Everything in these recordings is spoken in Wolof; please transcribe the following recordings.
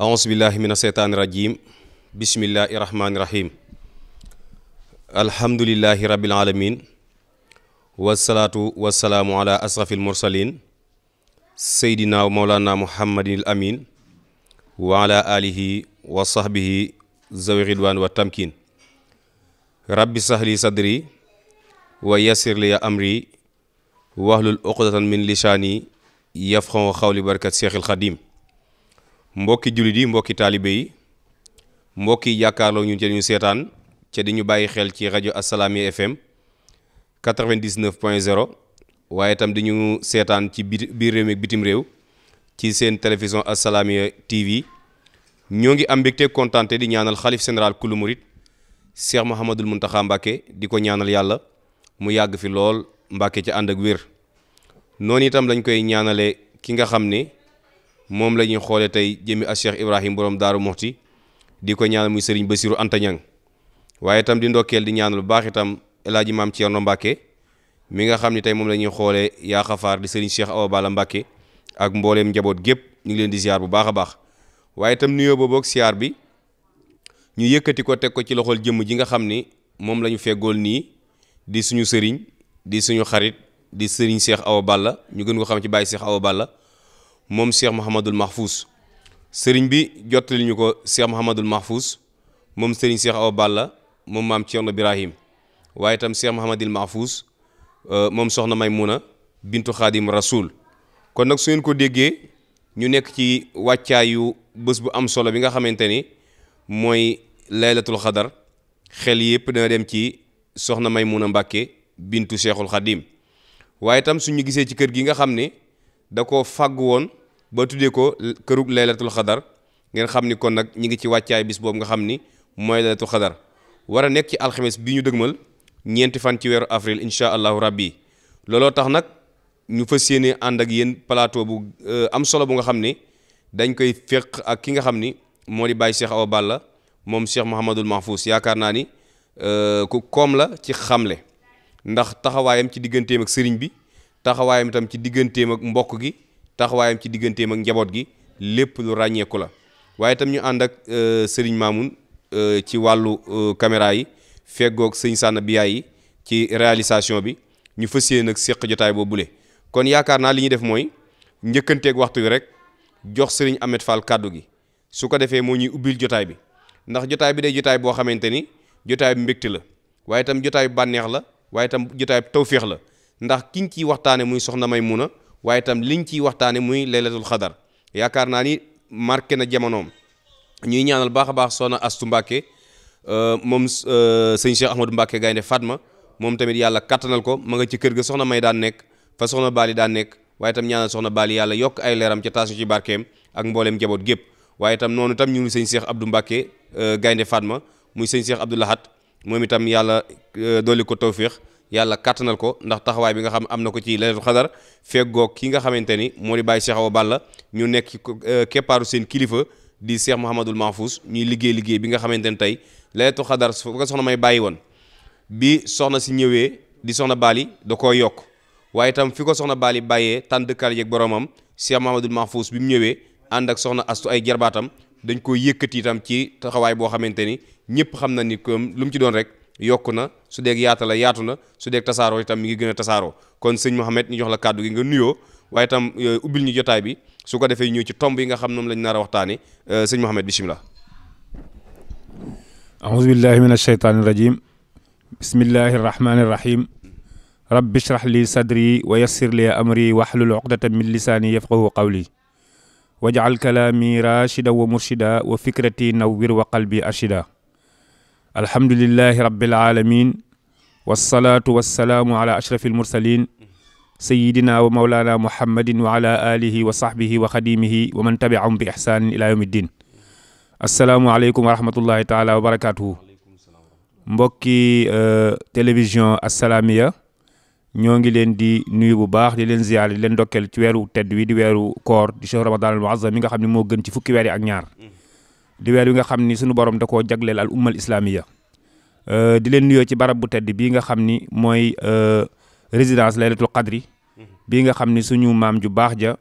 ahousubillahi min asheytaani irajim bismillahi irahmaaniirahim alhamdulilahi rabil alamin wasalaatu wasalaamu ala asrafil mursalin seydina wa mawlana muhammadinil amin wa ala alihi wa sahbihi zawi ridwaan wa tamkin rabbi sahli sadri wa yassir li amri wahlul uqdatan min lisaani yafqahu qawli barkat seexil xadim mbokki jullit yi mbokki taalibe yi mbokki jàkkaarloo ñu ca ñu seetaan ca dañu bàyyi xel ci rajo Assalaamy FM 99 point 0 waaye itam dañu seetaan ci biir réew mi bitim réew ci seen télévision Assalaamy TV ñoo ngi am mbégte kontaante di ñaanal xalif général kulu murit Cheikh Mouhamadul Mountakha Mbacké di ko ñaanal yàlla mu yàgg fi lool Mbacké ci ànd ak wér noonu itam lañ koy ñaanale ki nga xam ni moom la ñuy xoolee tey jëmi a Cheikh Ibrahim borom Daaru Moxti di ko ñaanal muy sëriñ ba Anta Ñang waaye itam di ndokkeel di ñaanal bu baax itam El maam Maam Thierno Mbacke mi nga xam ne tey moom la ñuy xoolee yaa xafaar di sëriñ Cheikh Awa Balla Mbacke ak mbooleem njaboot gépp ñu ngi leen di ziar bu baax a baax waaye itam nuyoo boobook ak siyaar bi ñu yëkkati ko teg ko ci loxol jëmm ji nga xam ni moom la ñu feggool nii di suñu sëriñ di suñu xarit di sëriñ Cheikh Awa Balla ñu gën ko xam ci Baye Cheikh Awa Balla moom Cheikh Mouhamadul Mahfous sëriñ bi jottali ñu ko Cheikh Mouhamadul Mahfous moom sëriñ Cheikh Awa Balla moom maam Thierno Birahim waaye itam Cheikh Mouhamadul Mahfous euh, moom soxna Maymuna bintu Xaadim Rasoul kon nag su ngeen ko déggee ñu nekk ci wàccaayu bës bu am solo bi nga xamante ni mooy laylatul xadar xel yëpp dana dem ci soxna Maymuna Mbàkke bintu Cheikhul Xadim waaye itam suñu gisee ci kër gi nga xam ne da ko fàgg woon ba tuddee ko kërug laylatul xadar ngeen xam ni kon nag ñi ngi ci wàccaay bis boobu nga xam ni mooy laylatul xadar war a nekk ci alxames bi ñu dëgmal ñeenti fan ci weeru avril incha allahu rabbi looloo tax nag ñu fas yéene ànd ak yéen palaato bu euh, am solo bu nga xam ni dañ koy féq ak ki nga xam ni moo di bàyyi Cheikh Awa Balla moom Cheikh Mouhamadul Mahfous yaakaar naa ni euh, ku koom la ci xamle ndax taxawaayam ci digganteem ak sëriñ bi taxawaayam itam ci digganteem ak mbokk gi taxawaayam ci digganteem ak njaboot gi lépp lu ràññeeku la waaye itam ñu ànd ak euh, sëriñ Mamoun euh, ci wàllu euh, caméra yi feggoog sëñ Sànna Biyaay yi ci réalisation bi ñu fas yéene nag seq jotaay boo bule kon yaakaar naa li ñuy def mooy njëkkanteeg waxtu bi rek jox sëriñ amet Fall kàddu gi su ko defee moo ñuy ubbil jotaay bi ndax jotaay bi day jotaay boo xamante ni jotaay bi mbégte la waaye tam jotaay bu bànneex la waaye itam jotaay bu tawféex la ndax ki ñu ciy muy soxna Maymuna waaye itam liñ ciy waxtaane muy laylatul xadar yaakaar naa ni marqué na jamonoom ñuy ñaanal baax a baax soxna Astu Mbàkke euh, moom euh, sëñ Cheikh Ahmadou Mbàkke gaynde Fatma moom tamit yàlla kattanal ko ma nga ci kër ga soxna may daan nekk fa soxna baali daan nekk waaye itam ñaanal soxna baali yàlla yokk ay leeram ca taas ñu ci barkeem ak njaboot gépp waaye itam noonu itam ñu ngi sëñ Cheikh Abdou Mbàkke euh, gaynde Fatma muy sëñ Cheikh Abdou Lahat moom itam yàlla dooli ko tawféex yàlla kàttanal ko ndax taxawaay bi nga xam am na ko ci laylatul xadar feggoog ki nga xamante ni moo di bàyyi Cheikh Awa la ñu nekk euh, keppaaru seen kilifa di Cheikh Mouhamadul Mahfous ñuy liggéey liggéey nga xamante ni tey laylatul xadar fu ko soxna may bàyyi woon bi soxna si ñëwee di soxna Bali da koo yokk waaye itam fi ko soxna Bali bàyyee tànd kàr yeeg boromam Cheikh Mouhamadul Mahfous bi mu ñëwee ànd ak soxna astu ay jarbaatam dañ ko yëkkati itam ci taxawaay boo xamante ni ñëpp xam na ni comme lu mu ci doon rek. yokku na su deeg yaata la yaatu na su deeg tasaaroo itam mi ngi gën a tasaaroo kon sëñ Mouhamed ñi jox la kàddu gi nga nuyoo waaye itam euh, ubbil ñu jotaay bi su ko defee ñëw ci tomb yi nga xam noonu lañu nar a waxtaani euh, sëñ Mouhamed bisimilah aouzu billahi min asheytaani rajim bismillahi rahmaani rahim rabbi ishrah li sadri wa yassir li amri wahlul uqdatan min lisaani yafqahu qawli waj'al kalaami rashida wa murshida wa fikrati nawwir wa qalbi arshida alhamdulillahi rabbil alamin wassalaatu wassalaamu ala ashraf almursalin sayidina wa maulana muhammadin wa ala alihi wa sahbihi wa xadimihi wa man tabiahum bi ihsanin ila yawmi ddin asalaamualeykum wa rahmatullahi taala wa barakatuhu mbokki euh, télévision assalaamiya ñoo ngi leen di nuyu bu baax di leen ziyaar di leen ndokkeel ci weeru tedd wi di weeru koor di chahru ramadan al muazzam mi nga xam ne moo gën ci fukki weer yi ak ñaar di weer wi nga xam ni sunu borom da koo jagleel al ummal islamiya euh, di leen nuyoo ci barab bu tedd bii nga xam ni mooy euh, résidence laylatul qadri bii nga xam ni suñu maam ju baax ja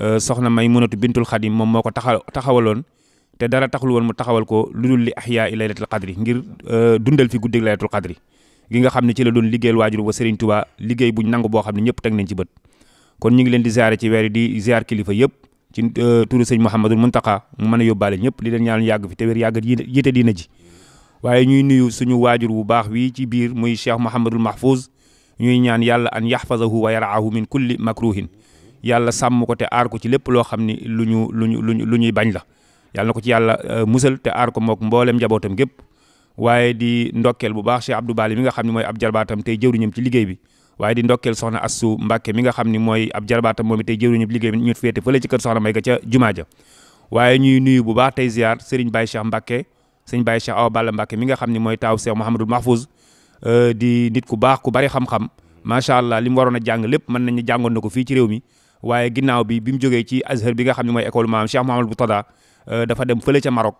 euh, soxna may munatu bintul xadim moom moo ko taxa taxawaloon te dara taxul woon mu taxawal ko lu dul li ahyaa i laylatul qadri ngir dundal fi guddig laylatul kadri gi nga xam ne ci la doon liggéeyal waajur ba Serigne Touba liggéey buñ nangu boo xam ne ñëpp teg nañ ci bët kon ñu ngi leen di ziare ci weer di ziar kilifa yëpp ci euh, turu sëñ Mouhamadul Muntaqa mu man a yóbbaale ñëpp di leen ñaan yàgg fi te wér yàgg yite diina ji waaye ñuy nuyu suñu waajur bu baax wii ci biir muy cheikh Mouhamadul Mahfouz ñuy ñaan yàlla an yaxfazahu wa yaraahu min kulli makruhin yàlla sàmm ko te aar ko ci lépp loo xam ni lu ñu lu ñu lu ñuy bañ la yàlla ko ci yàlla euh, musal te aar ko mook mbooleem njabootam gépp waaye di ndokkeel bu baax cheikh Abdou Bali mi nga xam ne mooy ab jarbaatam tey jëwriñam ci liggéey bi waaye di ndokkeel soxna Assu Mbàkke mi nga xam ni mooy ab jarbaatam moom it tey jëwriñu liggéey bi ñu féete fële ci kër soxna may ga ca jumaa ja waaye ñuy nuyu bu baax tey ziar sëriñ Baye Cheikh Mbàkke sëriñ Baye Cheikh Awa Balla Mbàkke mi nga xam ni mooy taaw Cheikh Mouhamadul Mahfouz euh, di nit ku baax ku bari xam-xam macha allah li mu waroon a jàng lépp mën nañu jàngoon na ko fii ci réew mi waaye ginnaaw bi bi mu jógee ci Azhar bi nga xam ne mooy école maam Cheikh Mouhamadou euh, dem fële ca Maroc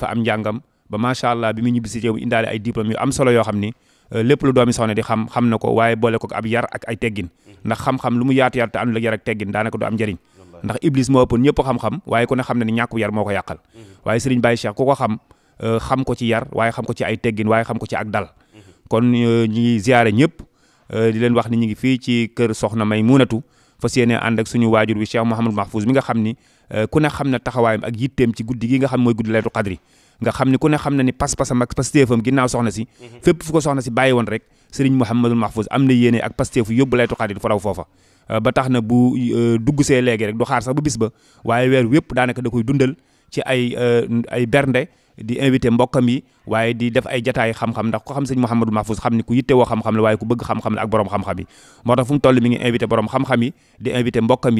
fa am njàngam ba macha allah bi mu ñibbisi réew mi indaale ay diplôme yu am solo yoo xam ni Euh, lépp lu doomi soxna di xam xam na ko waaye boole ko ab yar ak ay teggin mm-hmm. ndax xam-xam lu mu yaatu yaatu te àndul ak yar ak teggin daanaka du am njëriñ ndax iblis moo ëppoon ñëpp xam-xam waaye ku ne xam ne ni ñàkku yar moo ko yàqal mm-hmm. waaye Serigne Baye Cheikh ku ko xam euh, xam ko ci yar waaye xam ko ci ay teggin waaye xam ko ci ak dal mm-hmm. kon euh, ñu ngi ziare ñëpp di leen wax ni ñu ngi fii ci kër soxna may muunatu fas yéene ànd ak suñu waajur bi Cheikh Mouhamadou Mahfouz mi nga xam ni ku ne xam na taxawaayam ak yitteem ci guddi gi nga xam mooy guddi laytu qadri nga xam ni ku ne xam na ni pas-pasam ak pasteefam ginnaaw soxna si mhm. fépp fu soxna si bàyyi woon rek sëriñ Mouhamadul Mahfouz am na yéene ak pasteefu yóbbu laytu xaadir fa raw foofa euh, ba tax na bu euh, dugg see léegi rek du xaar sax ba bis ba waaye weer wépp daanaka da koy dundal ci ay euh, bernde di invité mbokkam yi waaye di def ay jataay xam-xam ndax ko xam sëñ Mouhamadou Mahfouz xam ni ku yitte woo xam-xam la waaye ku bëgg xam-xam la ak borom xam-xam yi mu toll mi ngi invité borom xam-xam yi di invité mbokkam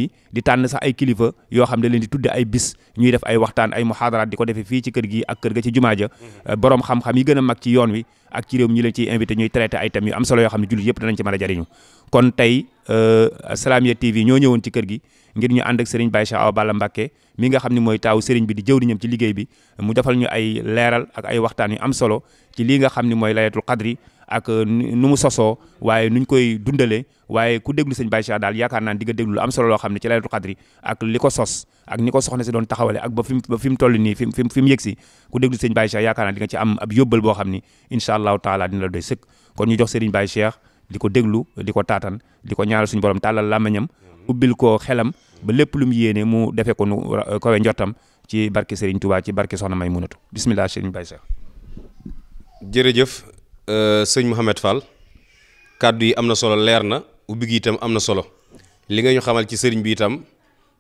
ay kilifa yoo xam ne leen di tudde ay bis ñuy def ay waxtaan ay muhaadaraat di ko defee fii ci kër gi ak kër ga ci jumaa ja mm-hmm. borom xam-xam yi gën a mag ci yoon wi ak ci réew mi ñu leen ciy invité ñuy traité ay thèmes yu am solo yoo xam ne jullit yëpp danañ ci mën a jariñu kon tey euh, Salamia TV ñoo ñëwoon ci kër gi ngir ñu ànd ak sëriñ Baye Cheikh Awa Balla Mbacké mi xam ne mooy taaw sëriñ bi di jëwriñam ci liggéey bi mu defal ñu ay leeral ak ay waxtaan yu am solo ci lii nga xam ne mooy layatul xadri ak euh, nu mu sosoo waaye nuñ koy dundalee waaye ku déglu sëñ Baye Cheikh daal yaakaar naan di nga déglu lu am solo loo xam ne ci laylatul xadri ak li ko sos ak ni ko soxna si taxawale ba fi mu ba fi mu fi mu mu yëg si ku déglu sëñ Baye Cheikh yaakaar naan di nga ci am ab yóbbal boo xam ni incha allahu taala dina la doy sëkk kon ñu jox sëriñ Baye Cheikh di ko déglu di ko taatan di ko ñaanal suñu borom tàllal làmmiñam ubbil ko xelam ba lépp lu mu yéene mu defee ko nu kowe njottam ci barke Serigne Touba ci barke Soxna May Munatu bisimilah Serigne Baye Cheikh. jërëjëf euh, sëñ Mouhamed Fall kàddu yi am na solo leer na ubbi gi itam am na solo li nga ñu xamal ci sëriñ bi itam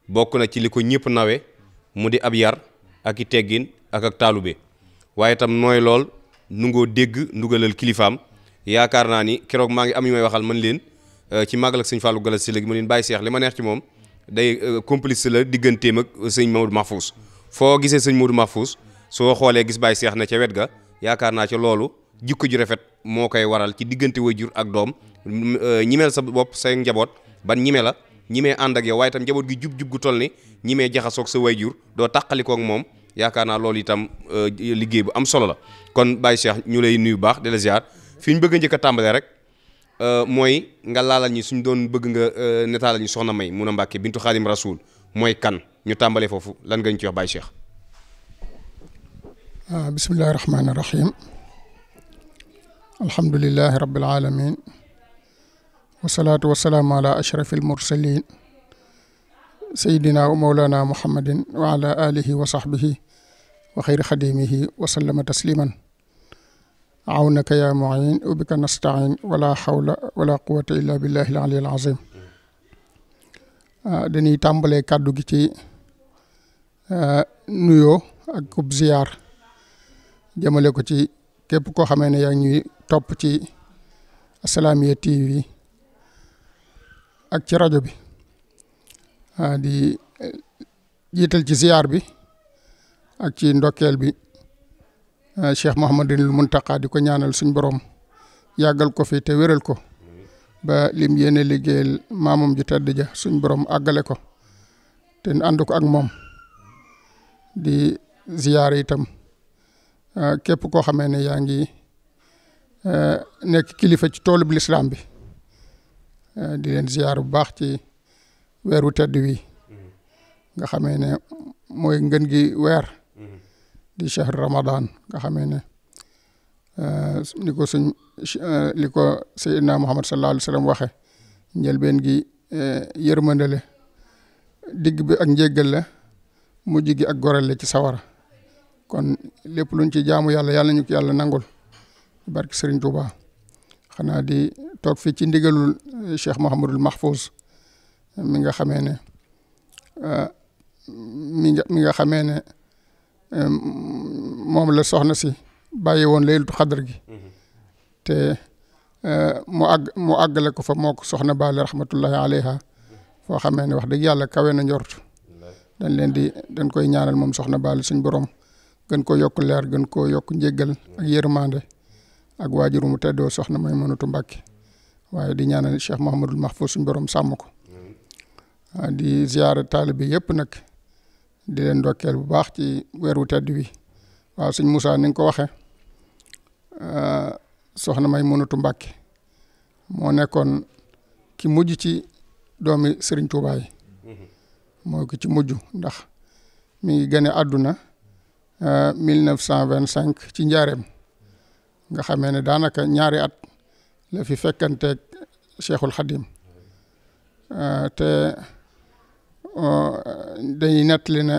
bokk na ci li ko ñëpp nawe mu di ab yar ak i teggin ak ak taalube waaye itam nooy lool nu ngoo dégg ndugalal kilifaam yaakaar naa ni keroog maa ngi am ñu may waxal man leen. Euh, ci màggal ak sëñ Fallou Galass si léegi mu leen bàyyi seex li ma neex ci moom day euh, complice la digganteem ak sëñ Maodo Mahfouz foo gisee sëñ Maodo Mahfouz soo xoolee gis bàyyi seex na ca wet ga yaakaar naa ca loolu jikko ju rafet moo koy waral ci diggante jur ak doom euh, ñimeel sa bopp say njaboot ban ñime la ñimee ànd ak yow waaye itam njaboot gi jub-jub gu toll ni ñimee jaxasoog sa way jur doo tàqalikoog moom yaakaar naa loolu itam liggéey bu am solo la kon Baye Cheikh ñu lay nuyu baax di la fi ñu bëgg a njëkk a rek Euh, mooy nga laalal ñi suñ doon bëgg nga euh, netaalal ñi soxna may mun a mbàkke bintu xaadim rasul mooy kan ñu tàmbalee foofu lan nga ñu ci wax Baye Cheikh. ah bisimilah rahmaani rahim alhamdulilah rabil wasalaatu wasalaamu ala ashrafil mursalin sayyidina wa mawlana muhammadin wa ala wa sahbihi wa xayri xadimihi wa sallama tasliman awnaka yaa muin bika nastain wala xawla wala quwata illa billahi al ali al azim dañuy tàmbalee kàddu gi ci nuyoo ak kub ziyaar jëmale ko ci képp koo xamee ne yaa ngi ñuy topp ci Assalaamy TV ak ci rajo bi ah, di eh, jiital ci ziyaar bi ak ci ndokkeel bi Eh, Cheikh Mouhamadul Mountakha di ko ñaanal suñ borom yàggal ko fi te wéral ko ba lim yéene liggéeyal maamam ju tedd ja suñ borom àggale ko te ànd ko ak moom di ziyaar itam eh, képp koo xamee ne yaa ngi eh, nekk kilifa ci toolub lislaam bi di leen ziyaar bu baax ci weeru tedd wi nga xamee ne mooy ngën gi weer di chahr ramadan nga xamee ne li eh, ko suñ eh, li ko Seydina Muhammad sallallahu alayhi wa sallam waxe njëlbeen gi eh, yërmande la digg bi ak njéggal la mu gi ak gorel la ci sawara kon lépp luñ ci jaamu yàlla yàlla ñu ko yàlla nangul barke Serigne Touba xanaa di toog fii ci ndigalul Cheikh Mouhamadul Mahfouz mi nga xamee ne mi nga xamee ne moom la soxna si bàyyi woon laylatu xadar gi mhm. te e, mu àgg mu àggale ko fa mook ko soxna baale rahmatullahi aleyha foo xamee ne wax dëgg yàlla kawe na njort dañ leen di dañ koy ñaanal moom soxna baal suñ borom gën ko yokk leer gën koo yokk njéggal ak yërmande ak waajuru mu teddoo soxna may mënatu mbakki waaye di ñaanal Cheikh Mouhamadul Mahfouz suñ borom sàmm ko di ziyaara taalibe yëpp nag di leen ndokkeel bu baax ci weeru tedd wi waaw sëñ Moussa ni nga ko waxe euh, soxna may mënatu Mbàkke moo nekkoon ki mujj ci doomi sëriñ Tuubaa yi moo ko ci mujj ndax mi ngi gane àdduna euh, mille neuf cent vingt cinq ci njaareem nga xamee ne daanaka ñaari at la fi fekkanteeg Cheikhul euh, te Euh, dañuy nettali na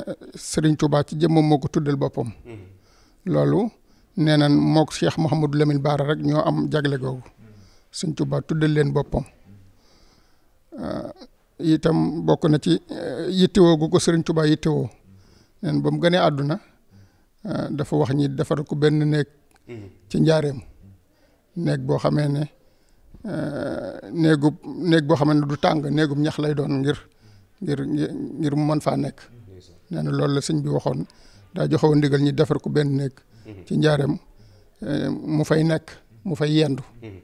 sëriñ Touba ci jëmmoom moo ko tuddal boppam. Mm-hmm. loolu nee na moog Cheikh Mouhamadou Lamine Baara rek ñoo am jagle googu. Mm-hmm. Serigne Touba tuddal leen boppam. Euh, itam bokk na ci euh, yittewoo gu ko Serigne Touba yittewoo mm-hmm. neen ba mu gënee àdduna dafa wax ñi defar ko benn néeg ci njaareem néeg boo xamee ne néegub néeg boo xamee ne du tàng néegub ñax lay doon ngir ngir ngir mu mën faa nekk nee na loolu la sëñ bi waxoon daa joxe woon ndigal ñi defar ko benn néeg mhm. ci njaareem eh, mu fay nekk mu fay yendu mhm.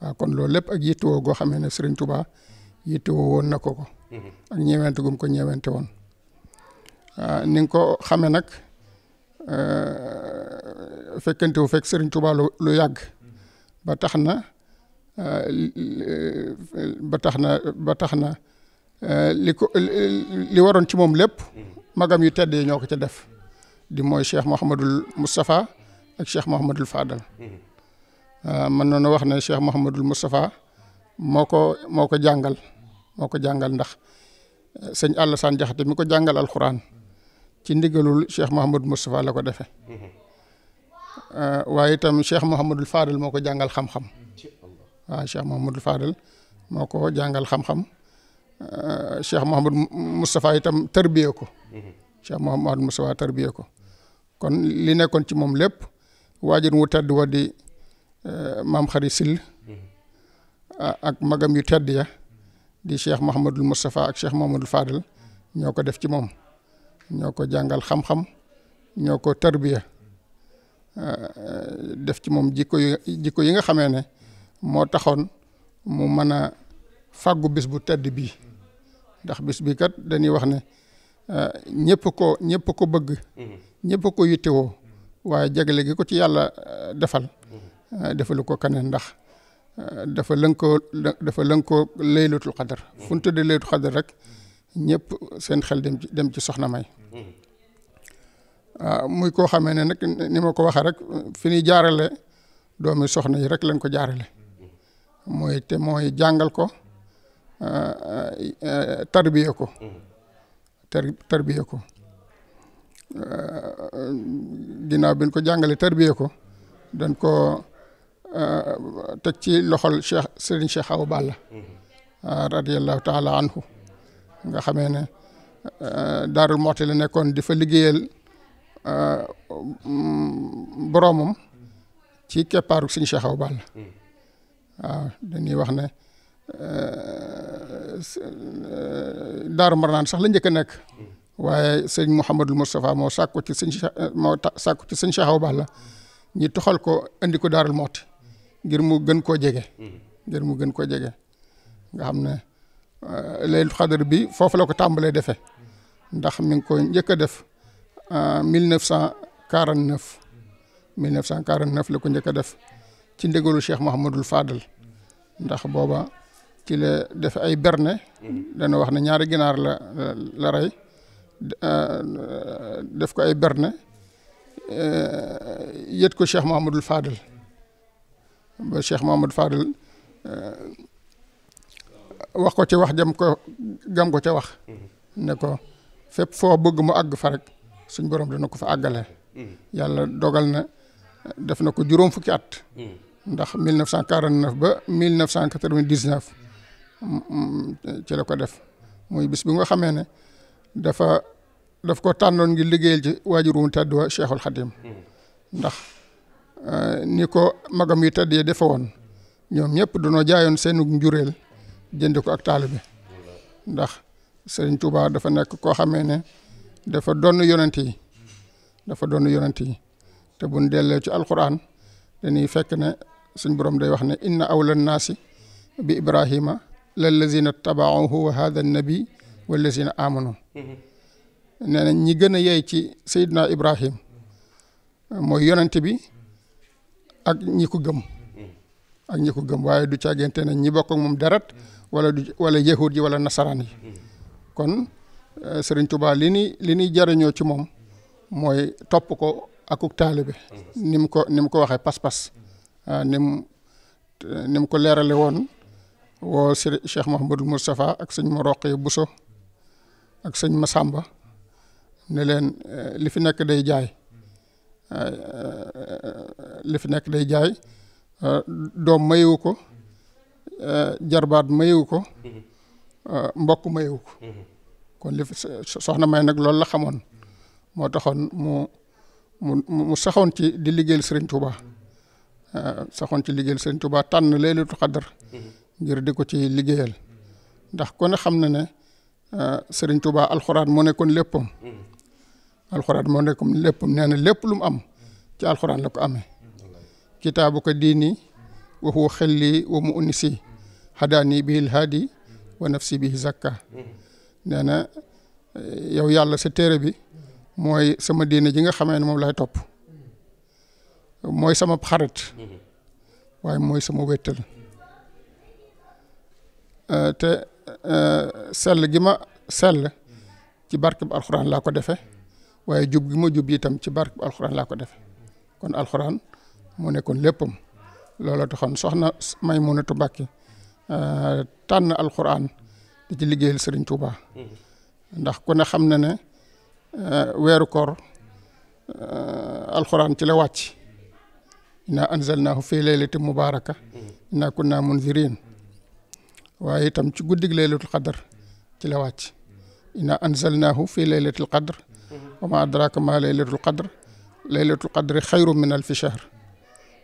waaw kon loolu lépp ak yittewoo goo xamee ne Sëriñ Tuubaa yittewoo woon na ko ko mhm. ak ñeewente gum ko ñeewente woon ah, ni ko xamee nag eh, fekkente wu fekk Sëriñ Tuubaa lu lu yàgg eh, ba tax na ba tax na ba tax na Euh, li ko waroon ci moom lépp magam yu tedd yi ñoo ko ca def di mooy cheikh Mouhamadul Moustapha ak cheikh Mouhamadul Fadal euh, man noonu wax na cheikh Mouhamadul Moustapha moo ko moo ko jàngal moo ko jàngal ndax euh, sëñ Alassane Jaxate mi ko jàngal alxuraan ci ndigalul cheikh Mouhamadul Moustapha la ko defee waaye itam cheikh Mouhamadul Fadal moo ko jàngal xam-xam waaw cheikh Mouhamadul moo ko jàngal xam-xam. Euh, cheikh Mouhamad Moustapha itam tarbiye ko. cheikh Mouhamad Moustapha tarbiye ko kon li nekkoon ci moom lépp waajur wu tedd wa di euh, maam xari sil ak magam yu tedd ya di cheikh Mouhamadul Moustapha ak cheikh Mouhamadul Fadel ñoo ko def ci moom ñoo ko jàngal xam-xam ñoo ko tarbiya euh, def ci moom jikko yi jikko yi nga xamee ne moo taxoon mu mën a faggu bis bu tedd bii ndax bis bi kat dañuy wax ne euh, ñëpp ko ñëpp ko bëgg mm-hmm. ñëpp ko yittewoo waaye jagle gi ko ci yàlla euh, defal mm-hmm. euh, defalu ko keneen ndax dafa lënkoo dafa lënkoo laylatul xadar mm-hmm. fu ñu tëddee laylatul xadar rek ñëpp seen xel dem ci dem ci soxna may muy koo xamee ne nag ni ma ko waxee rek fi ñuy jaarale doomi soxna yi rek lañ ko jaarale mooy te mooy jàngal ko Euh, euh, tarbiya ko mmh. tar tarbiya ko euh, ginnaaw bi ñu ko jàngale tarbiya ko dañ ko teg ci loxol Cheikh Serigne Cheikh Awa Balla mmh. radiyallahu taala anhu nga xamee ne Daarul Muxti la nekkoon di fa liggéeyal boroomam ci keppaaru si Cheikh Awa Balla mmh. waaw dañuy wax ne Euh, daaru marnaan sax la njëkk a nekk waaye sëñ Mouhamadul Moustapha moo sàkku ci sëñ euh, moo sàkku ci sëñ Cheikh Balla ñi toxal ko andi ko daarul mooti ngir mu gën koo jege mu gën koo jege nga xam ne euh, laylatul xadar bi foofu la ko tàmbalee defe ndax mi ngi ko njëkk a def mille neuf cent quarante neuf la ko njëkk a def ci ndigalu Cheikh Mouhamadul Fadal ndax booba ci la def ay berne mm-hmm. dana wax ne ñaari ganaar la la rey ah, def ko ay berne eh, yët ko Cheikh Mahamadul Fadal ba Cheikh Mahamadul Fadal eh, wax ko ci wax jam ko gam ko ca wax mm-hmm. ne ko fépp foo bëgg mu àgg fa rek suñ borom dana ko fa àggale mm-hmm. yàlla dogal na def na ko juróom fukki at ndax 1949 ba 1999 ci la ko def muy bis bi nga xamee ne dafa daf ko tànnoon gi liggéeyal ci waajur wu tedd wa Cheikhul Khadim hmm. ndax eh, ni ko magam yu tedd yi defe woon ñoom ñëpp danoo jaayoon seenu njureel jënd ko ak taalibe ndax Serigne Touba dafa nekk koo xamee ne dafa donn yonent yi dafa doon yonent yi te buñ dellee ci alquran dañuy fekk ne suñ borom day wax ne inna awlan naasi bi ibrahima lallazina tabaahu wa hada nabi wallazina amanu nee na ñi gën a yey ci Seydina Ibrahim mooy yonent bi ak ñi ko gëm ak ñi ko gëm waaye du caagante ne ñi bokk moom darat wala du wala yahud yi walla nasaraan yi kon Serigne tubaa li ni li ñuy jariñoo ci moom mooy topp ko akuk taalibe ni mu ko ni mu ko waxee pas-pas ni mu ni ko leerale woon woo sëriñ Cheikh Mouhamadul Moustapha ak sëñ ma Roqee Buso ak ma sàmba ne leen eh, li fi nekk day jaay eh, eh, li fi nekk day jaay doom mayewu ko jarbaat mayewu ko mbokk mayewu ko kon li soxna may nag loolu la xamoon moo taxoon mu mu mu saxoon ci di liggéeyal sëriñ Touba saxoon ci liggéeyal sëriñ Touba tànn laylatul xadar ngir di ko ci liggéeyal ndax kon xam na ne euh, sëriñ Tuubaa alxuraan moo nekkoon léppam alxuraan moo nekkoon léppam nee na lépp lu mu am ci alxuraan la ko amee kitaabu ko diini wa huwa xelli wa mu unisi hadaani bihil haadi wa nafsi bihi zakka nee na euh, yow yàlla sa téere bi mooy sama diine ji nga xamee ne moom lay topp mooy sama xarit waaye mooy sama wéttal Euh, te euh, sell gi ma sell ci barkeb alxuraan laa ko defee waaye jub gi ma jub itam ci barkeb alxuraan laa ko defee kon alxuraan moo nekkoon léppam looloo taxoon soxna Maymunatu Mbàkke euh, tànn alxuraan di ci liggéeyal Sëriñ Tuubaa ndax ku ne xam na ne weeru koor alxuraan ci la wàcc naa inna anzalnaahu fi laylatin mubaaraka naa kunna munzirin waaye itam ci guddig laylatul qadr ci la wàcc inna anzalnaahu fii laylatil qadr wa ma adraka ma laylatul qadr laylatul qadri xayru min alfi shahr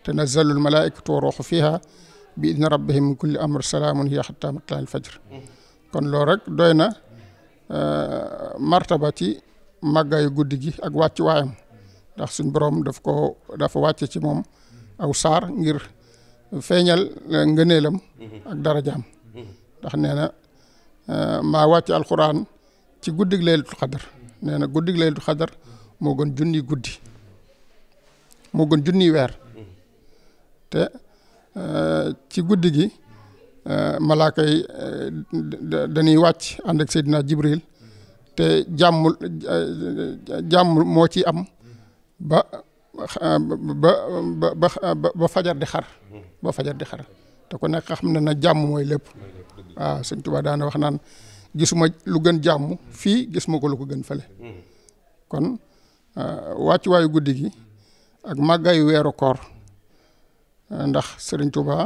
tanazzalul malaikatu wa ruuxu fiha bi idni rabbihim min kulli amr salaamun hiya xatta matla'il fajr kon loolu rek doy na eh, martaba ci màggaayu guddi gi ak wàcc waayam ndax suñ boroom daf ko dafa wàcce ci moom aw saar ngir feeñal eh, ngëneelam ak darajaam ndax nee na eh, maa wàcc alxuraan ci guddig laylatul xadar nee na guddig laylatul xadar moo gën junni guddi moo gën junni weer te eh, ci guddi gi eh, malaaka yi dañuy wàcc ànd ak Seydina Jibril te jàmm jàmm moo ci am ba ba ba ba fajar di xar ba fajar di xar te ku nekk xam na na jàmm mooy lépp waaw sëñ Tuubaa daana wax naan gisuma lu gën jàmm fii gis ma ko lu ko gën fële kon euh, waayu guddi gi ak màggaayu weeru koor euh, ndax sëriñ Tuubaa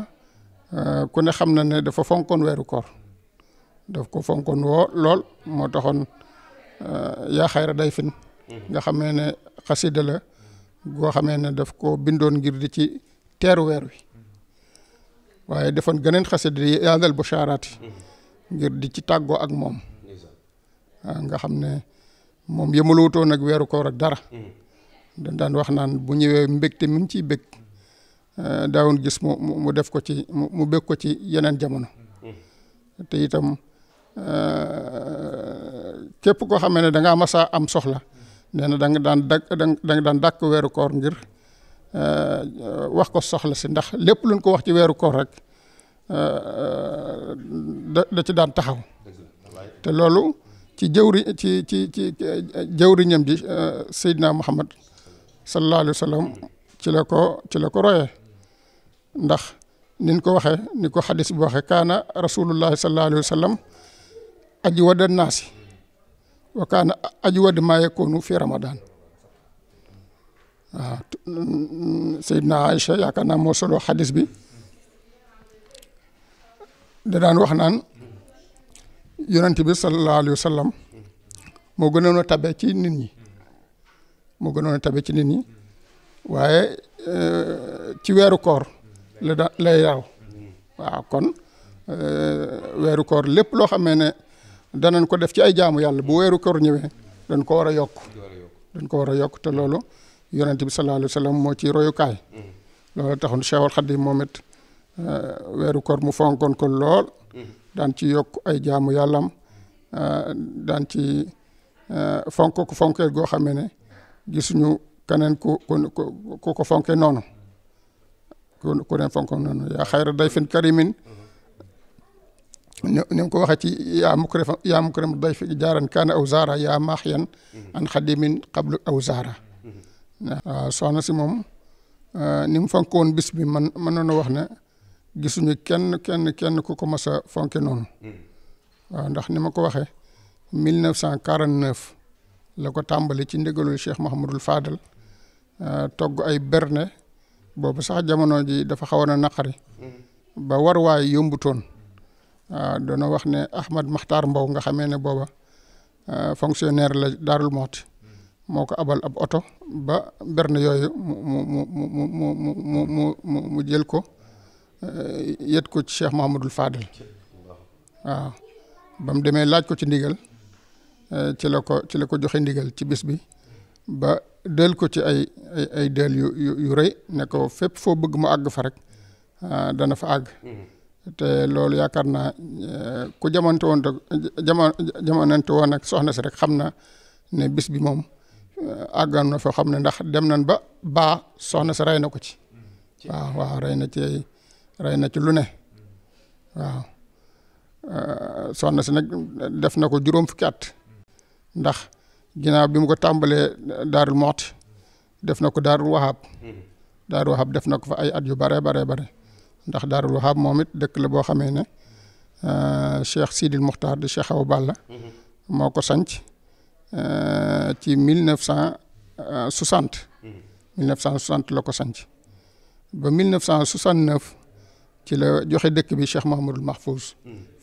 euh, ku ne xam na ne dafa fonkoon weeru koor daf ko fonkoon woo lool moo taxoon yaa xayra day fin nga xamee ne xasida la goo xamee ne daf ko bindoon ngir di ci teeru weer wi waaye defoon geneen xase di yaadal busharaati ngir di ci tàggoo ak moom waaw nga xam ne moom yëmaluwutoon ak weeru koor ak dara dañ daan wax naan bu ñëwee mbégte mi ngi ciy bég eh, daawoon gis mu mu def ko ci mu bég ko ci yeneen jamono te itam eh, képp koo xamee ne da ngaa masa am soxla nee na da daan da da nga daan dàkk weeru koor ngir wax ko soxla si ndax lépp luñ ko wax ci weeru koor rek euh, euh, da da ci daan taxaw te loolu ci jëwri ci ci ci jëwriñam ji euh, Seydina Muhammad sallallahu alayhi wa sallam ci la ko ci la ko royee ndax nin ko waxee ni ko xadis bi waxee kaana rasulullahi sallallahu alayhi wa sallam aji wada naasi wa kaana aji wada maa yakunu fi ramadan waaw Seydina Aïcha yaakaar naa moo solo xadis bi da daan wax naan yonent bi sallallahu alayhi wa moo gënoon tabe ci nit ñi moo gënoon tabe ci nit ñi waaye eh, ci weeru koor la da lay yaaw waaw kon eh, weeru koor lépp loo xamee ne danan ko def ci ay jaamu yàlla bu weeru koor ñëwee dañ ko war a yokk dañ ko war a yokk te loolu yonent bi sallallahu alayhi moo ci royukaay mm-hmm. loolu taxoon Cheikhul Khadim moom it euh, weeru koor mu fonkoon ko lool mm-hmm. daan ci yokk ay jaamu yàllam euh, daan ci euh, fonk ko fonkeel goo xam ne gisuñu keneen ku ko fonke noonu ku ku neen fonko noonu yaa xayra dayfin karimin mm-hmm. ni mu ko waxee ci yaa mukrim yaa mukrim dayfi jaaran kaana aw zaara yaa maax yan an xadimin qablu aw zaara waaw soxna si moom euh, ni mu fonkoon bis bi man mën na wax ne gisuñu kenn kenn kenn ku ko mas a fonke noonu ndax ni ma ko waxee mille neuf cent quarante la ko tàmbali ci ndigalul Cheikh Mahamadul Fadal euh, togg ay berne boobu sax jamono ji dafa xawoon a naqari ba war waay yombutoon waaw wax ne Ahmad Maxtaar Mbow nga xamee ne booba euh, fonctionnaire la Daarul Mooti moo ko abal ab oto ba berne yooyu mu mu mu mu mu mu mu mu jël ko yët ko ci Cheikh Mahamadul Fadel waaw ba mu demee laaj ko ci ndigal ci la ko ci la ko joxe ndigal ci bis bi ba del ko ci ay ay del yu yu rëy ne ko fépp foo bëgg mu àgg fa rek dana fa àgg te loolu yaakaar naa ku jamonte woon te jamonante woon ak soxna si rek xam na ne bis bi moom àggan na foo xam ne ndax dem nañ ba baa soxna si rey na ko ci mm-hmm. waaw waaw rey na ci rey na ci lu ne mm-hmm. waaw euh, soxna si nag def na ko juróom fukki at mm-hmm. ndax ginnaaw bi ko tàmbalee daarul moxti def na ko daarul waxaab daarul waxaab def na ko fa ay at yu bare bare bare ndax daarul waxaab moom it dëkk la boo xamee ne euh, cheikh sidil muxtaar di cheikh awa balla moo ko sanc Euh, ci mille neuf cent soixante. mille neuf cent soixante la ko sanc ba mille neuf cent soixante neuf ci la joxe dëkk bi Cheikh Mahamadul Mahfouz.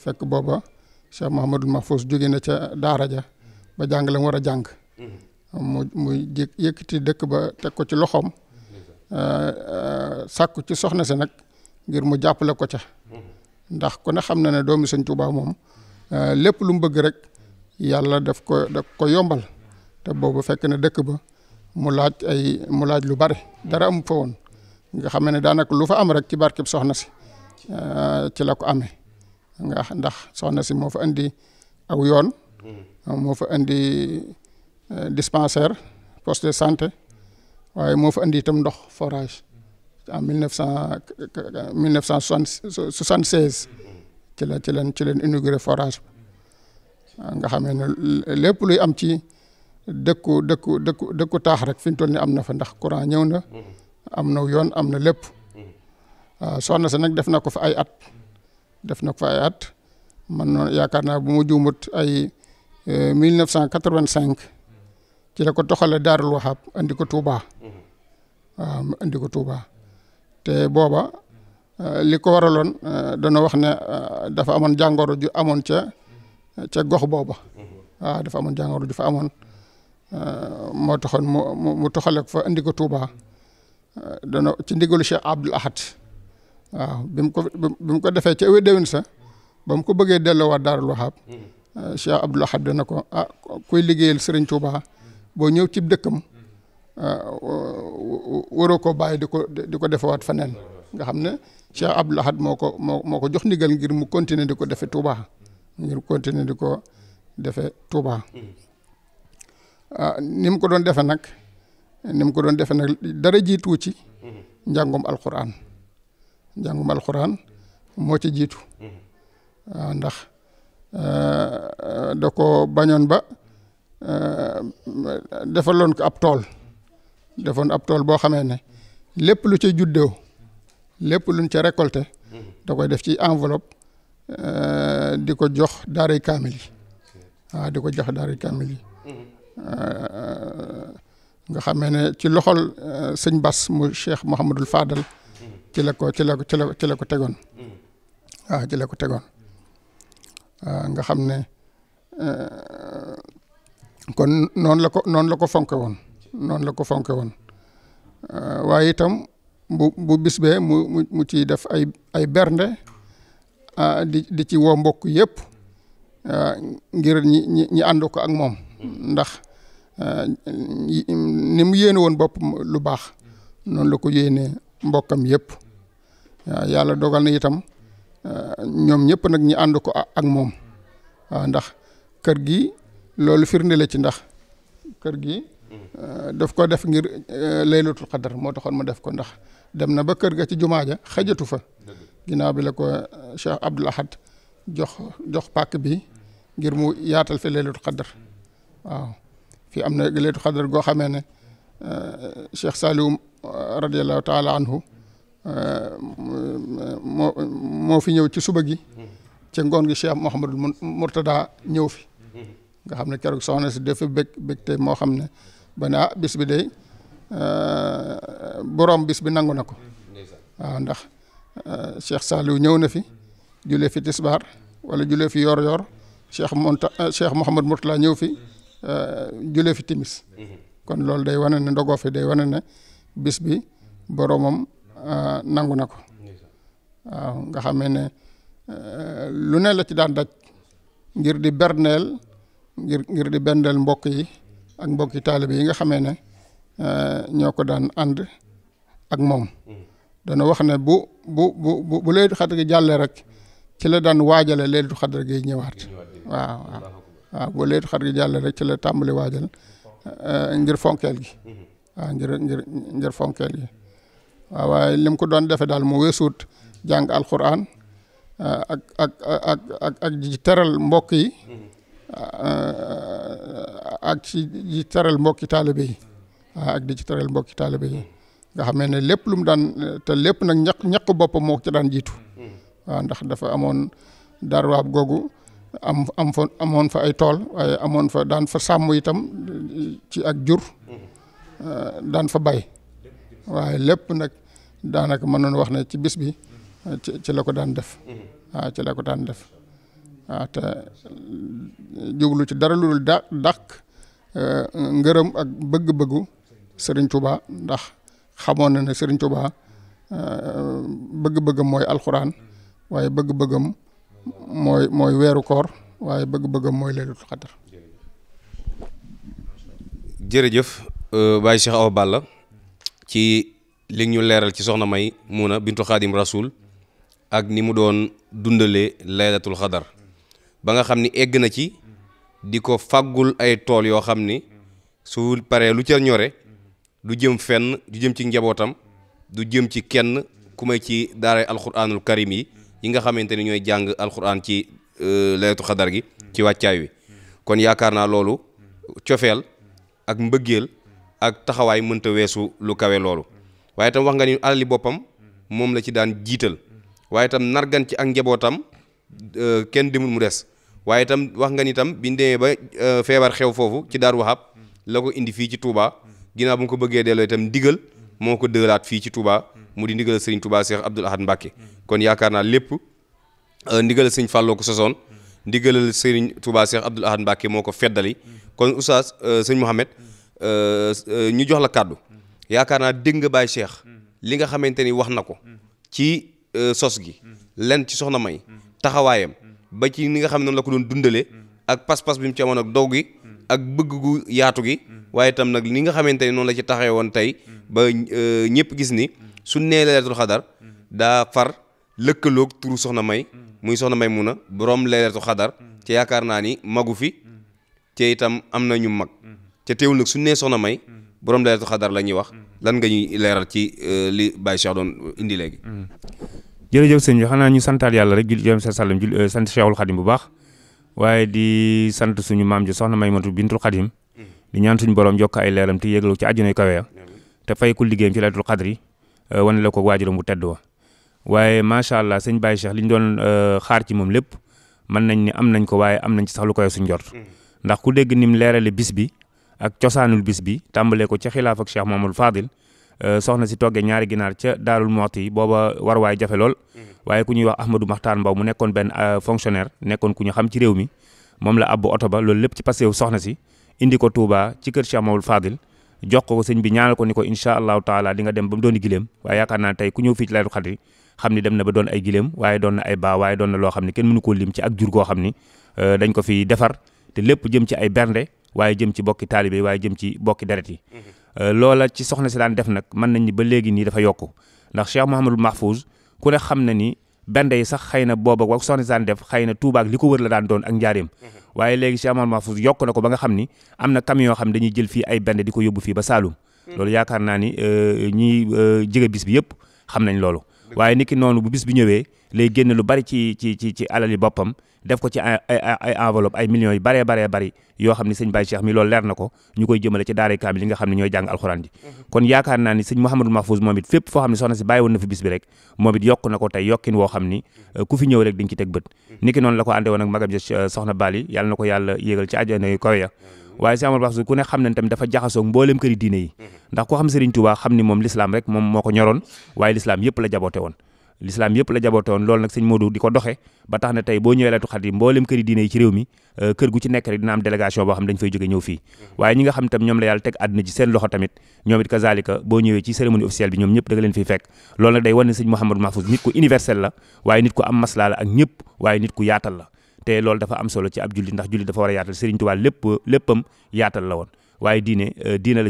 fekk booba Cheikh Mahamadul Mahfouz jóge na ca daara ja ba jàng la war a jàng. mu mu yëkkati dëkk ba teg ko ci loxoom. Euh, euh, sàkku ci soxna si nag ngir mu jàppale ko ca. ndax ku ne xam na ne doomi Sëñ Tuubaa moom lépp lu mu bëgg rek. yàlla def ko daf ko yombal te boobu fekk na dëkk ba mu laaj ay mu laaj lu bare dara am fa woon nga xam ne daanaka lu fa am rek ci barkeb soxna si euh, ci la ko amee nga ndax soxna si moo fa indi aw yoon moo fa indi euh, dispensaire poste de santé waaye moo fa indi tam ndox forage en mille neuf cent euh, mille neuf cent soixante seize ci la ci leen ci leen inauguré forage nga xamee na lépp luy am ci dëkku dëkku dëkku dëkku taax rek fi ñu am na fa ndax courant ñëw na am na yoon am na lépp soxna sa nag def na ko fa ay at def na ko fa ay at man noonu yaakaar naa bu mu juumut ay 1985 euh, ci la ko toxale Daarul Wahab andi ko Touba waaw andi ko Touba te booba euh, li ko waraloon euh, dana wax ne dafa amoon jàngoro ju amoon ca ca gox booba waaw dafa amoon jàngoro ju fa amoon euh, moo taxoon mu mu toxale fa indi ko Touba euh, dana ci ndigalu Cheikh Abdoul Ahad waaw bi mu ko bi mu ko defee ca wé déwén sa ba mu ko bëggee delloowaat Daarul Wahab euh, Cheikh Abdoul Ahad dana ko ah kuy liggéeyal Serigne Touba boo ñëw cib dëkkam waroo ko bàyyi di ko di ko defewaat feneen nga xam ne Cheikh Abdoul Ahad moo ko moo moo ko jox ndigal ngir mu continuer di ko defe tuubaax ngir continuer di ko defe Touba. ah ni ko doon defe nag ni ko doon defe nag dara jiitu ci njàngum alxuraan njàngum alxuraan moo ci jiitu waaw ah, ndax eh, da ko bañoon ba eh, defaloon ko ab tool defoon ab tool boo xamee ne lépp lu ca juddeo lépp luñ ci récolté da koy def ci enveloppe di ko jox daaray kaamil yi ah, di ko jox daaray kaamil yi mm-hmm. nga xamee ne ci loxol eh, sëñ Bas mu Cheikh Mouhamadul Fadal mm-hmm. ci la ko ci la ko ci la ko ci tegoon ci la ko tegoon mm-hmm. ah, ah, nga xam ne eh, kon noonu la ko noonu la ko fonke woon noonu la ko fonke woon eh, waaye itam bu bu bis bee mu mu mu def ay ay bernde Ah, di di ci woo mbokk yëpp ah, ngir ñi ñi ànd ko ak moom ndax ah, ni mu yéene woon bopp lu baax noonu la ko yéene mbokkam yëpp yàlla dogal na itam ñoom ñëpp nag ñi ànd ko ak moom waaw ndax kër gi loolu firnde la ci ndax kër gi daf ko def ngir eh, laylatul xadar moo taxoon ma def ko ndax dem na ba kër ga ci jumaa ja xejatu fa ginnaaw bi la ko eh, Cheikh Abdoul Ahad jox jox pàkk bi ngir mu yaatal fi leelatu xadar waaw fii am na leelatu xadar goo xamee ne eh, Cheikh Saliou eh, radiallahu taala anhu moo fi ñëw ci suba gi ci ngoon gi Cheikh Mouhamadul Mourtada ñëw fi nga xam ne keroog soxna si dafa bég bégte moo xam ne ba ah bis bi day borom bis bi nangu na ko waaw ndax Euh, Cheikh Saliou ñëw na fi julee fi tisbaar wala julee fi yor-yor Cheikh Monta euh, Cheikh Mouhamad Mourtala ñëw fi euh, julee fi timis mhm. kon loolu day wane ne ndogoo fi day wane ne bis bi boromam nangu na ko waaw nga xamee ne lu ne la ci daan daj ngir di berndeel ngir ngir di berndeel mbokk yi ak mbokki taalibe yi nga xamee ne ñoo ko daan ànd ak moom mhm. dana wax ne bu bu bu bu laylatul xadr gi jàlle rek ci la daan waajale du xadr gi ñëwaat waaw waaw waaw bu laylatul xadr gi jàllee rek ci la tàmbali waajal eh, ngir fonkeel gi waaw ngir ngir waaye lim ko doon defe daal mu weesuut jàng alquran eh, ak ak ak teral mbokk yi eh, mbokki taalibe yi waaw ak di ci teral mbokki taalibe yi nga xamee ne lépp lu mu daan te lépp nag ñaq ñaq boppam moo ci daan jiitu mm-hmm. waaw ndax dafa amoon darwaab googu am am fa amoon fa ay tool waaye amoon fa daan fa sàmm itam ci ak jur mm-hmm. euh, daan fa bay waaye lépp nag daanaka mënoon wax na ci bis bi ci la ko daan def mm-hmm. waaw ci la ko daan def waaw te jublu ci dara lu dul dàq euh, ngërëm ak bëgg-bëggu Sëriñ Tuubaa ndax xamoon na ne Serigne Touba euh, bëgg-bëggam mooy alxuraan waaye bëgg-bëggam mooy mooy weeru koor waaye bëgg-bëggam mooy leelatul xadar jërëjëf euh, Balla ci li ñu leeral ci soxna May Muna bintu Xaadim Rasul ak ni mu doon dundalee leeratul xadar ba nga xam ni egg na ci di ko fàggul ay tool yoo xam ni su pare lu ca ñore du jëm fenn du jëm ci njabootam du jëm ci kenn ku may ci daara alxuraanul karim yi yi nga xamante ni ñooy jàng alxuraan ci euh, laytu xadar gi ci wàccaay wi kon yaakaar naa loolu cofeel ak mbëggeel ak taxawaay mënta weesu lu kawe loolu waaye tam wax nga ni alali boppam moom la ci daan jiital waaye tam nargan ci ak njabootam euh, kenn di mu des waaye tam wax nga ni bindee biñ demee ba euh, feebar xew foofu ci Daaru Wahab la ko indi fii ci Touba ginnaaw bu mu ko bëggee delloo itam ndigal moo ko dëlaat fii ci Touba mu di ndigal sëriñ Touba Cheikh Abdoul Ahad Mbacké kon yaakaar naa lépp euh, ndigal sëriñ Fallou ko sosoon ndigalal sëriñ Touba Cheikh Abdoul Ahad Mbacké moo ko feddali kon oustaz euh, sëñ Mouhamed euh, ñu jox la kàddu yaakaar naa dégg nga Baye Cheikh li nga xamante ni wax na ko ci sos gi lenn ci soxna May taxawaayam ba ci ni nga xam ne noonu la ko doon dundalee ak pas-pas bi mu ci amoon ak doog gi ak bëgg gu yaatu gi waaye tam nag ni nga xamante ni noonu la ci taxee woon tey ba euh, ñëpp gis ni su nee laylatul xadar daa far lëkkaloog turu soxna may muy soxna may mu mun a borom laylatul xadar ci yaakaar naa ni magu fi te tam am na ñu mag ca teewul nag su nee soxna may borom laylatul xadar la ñuy wax lan nga ñuy leeral ci euh, li Baye Cheikh doon indi léegi jërëjëf sëñ bi xanaa ñu santaat yàlla rek jul sa sallam jul bu baax waaye di sant suñu maam ji soxna Maymatu bintul Xadim di ñaan suñu borom yokk ay leeram te yéegalu ci àjjana yu kawe ya te fay ku liggéeyam ci laylatul xadri eh, wane la ko waajuram bu tedd wa waaye macha allah sëñ Baye Cheikh li ñu doon eh, xaar ci moom lépp mën nañ ni am nañ ko waaye am nañ ci sax lu suñ jort ndax ku dégg nim leerale bis bi ak cosaanul bis bi tàmbalee ko ci xilaaf ak Cheikh Mamadou Fadil Euh, soxna si toggee ñaari ginaar ca Daarul Moxti booba war waay jafe lool mm-hmm. waaye ku ñuy wax Ahmadou Maxtaar Mbaw mu nekkoon benn euh, fonctionnaire nekkoon ku ñu xam ci réew mi moom la abbu oto ba loolu lépp ci passé wu soxna si indi ko Touba ci kër Cheikh Mawul Fadil jox ko sëñ bi ñaanal ko ni ko incha allahu taala di nga dem ba mu doon giléem waaye yaakaar naa tey ku ñëw fii ci Laylatul Qadri xam ni dem na ba doon ay giléem waaye doon na ay baa waaye doon na ne kenn mënu koo lim ci ak jur goo xam ni euh, dañ ko fi defar te lépp jëm ci ay bernde waaye jëm ci bokki taalibe waaye jëm ci bokki deret yi mm-hmm. Euh, loola ci soxna si daan def nag mën nañ ni ba léegi nii dafa yokk ndax Cheikh Mouhamadul Mahfouz ku ne xam na ni bende yi sax xëy na booba ak soxna si def xëy na Touba li ko wër la daan doon ak njaareem mhm. waaye léegi Cheikh Mouhamadul Mahfouz yokku na ko ba nga xam ni am na camion yoo xam dañuy jël fii ay bende di ko yóbbu fii ba Saloum mhm. loolu yaakaar naa ni euh, ñiy euh, jege bis bi yëpp xam nañ loolu waaye niki noonu bu bis bi ñëwee lay génn lu bari ci ci ci ci alali boppam def ko ci ay ay enveloppe ay millions yu baree baree bari yoo xam ne sëñ Baye Cheikh mi loolu leer na ko ñu koy jëmale ci daaray kaamil yi nga xam ne ñooy jàng alxuraan ji mhm. kon yaakaar naa ni sëñ Mouhamadou Mahfouz moom it fépp foo xam ne soxna si bàyyi woon na fi bis bi rek moom it yokk na ko tey yokkin woo xam ni mhm. ku fi ñëw rek di nga ci teg bët mhm. niki noonu la ko ànde woon ak magam ja soxna Bali yàlla na ko yàlla yéegal ci àjjana yu kawe ya waaye Cheikh Amadou Mahfouz ku ne xam ne tamit dafa jaxasoo mboolem këri diine yi ndax ko xam Serigne Touba xam ni moom l'islam rek moom moo ko ñoroon waaye l'islam yëpp la jaboote woon l'islam yëpp la jabootoon loolu nag sëñ Modou di ko doxe ba tax na tey boo ñëwee Laylatul Qadr mboolem këri diine yi ci réew mi euh, kër gu ci nekk dina am délégation boo xam dañ fay jóge ñëw fii mm-hmm. waaye ñi nga xam tam ñoom la yàlla teg àdduna ci seen loxo tamit ñoom kazalika boo ñëwee ci cérémonie officielle bi ñoom ñëpp da leen fiy fekk loolu nag day wane sëñ Mouhamadou Mahfouz nit ku universel la waaye nit ku am maslaa la ak ñëpp waaye a la woon waaye diine euh, diine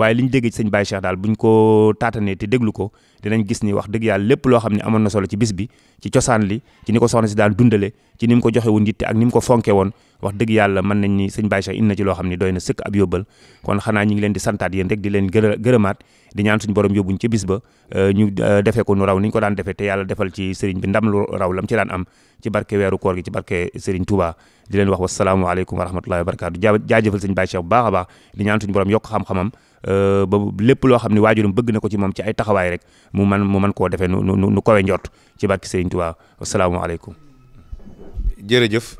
waaye li ñu dégg ci sëñ daal bu ñu ko taatanee te déglu ko dinañ gis ni wax dëgg yàlla lépp loo xam ne amoon na solo ci bis bi ci cosaan li ci ni ko soxna si daan dundale ci ni mu ko joxe woon yitte ak ni ko fonke woon wax dëgg yàlla mën nañ ni sëñ Baye Cheikh ci loo xam ne doy na sëkk ab yóbbal kon xanaa ñu ngi leen di santaat yéen rek di leen gërë gërëmaat di ñaan suñu borom yóbbuñ ci bis ba euh, euh, defee ko nu raw ni ñu ko daan defee te yàlla defal ci sëriñ bi ndam lu raw lam am ci barke weeru koor gi ci barke sëriñ Touba di leen wax wasalaamualeykum wa rahmatullahi wa barakatu jaajëfal sëñ Baye Cheikh baax a baax di ñaan suñu borom yokk xam Euh, ba lépp loo xam ne waajuram bëgg na ko ci moom ci ay taxawaay rek mu man mu man koo defe nu nu nu kowe njort ci barke Sëriñ Tuubaa asalaamaaleykum. jërëjëf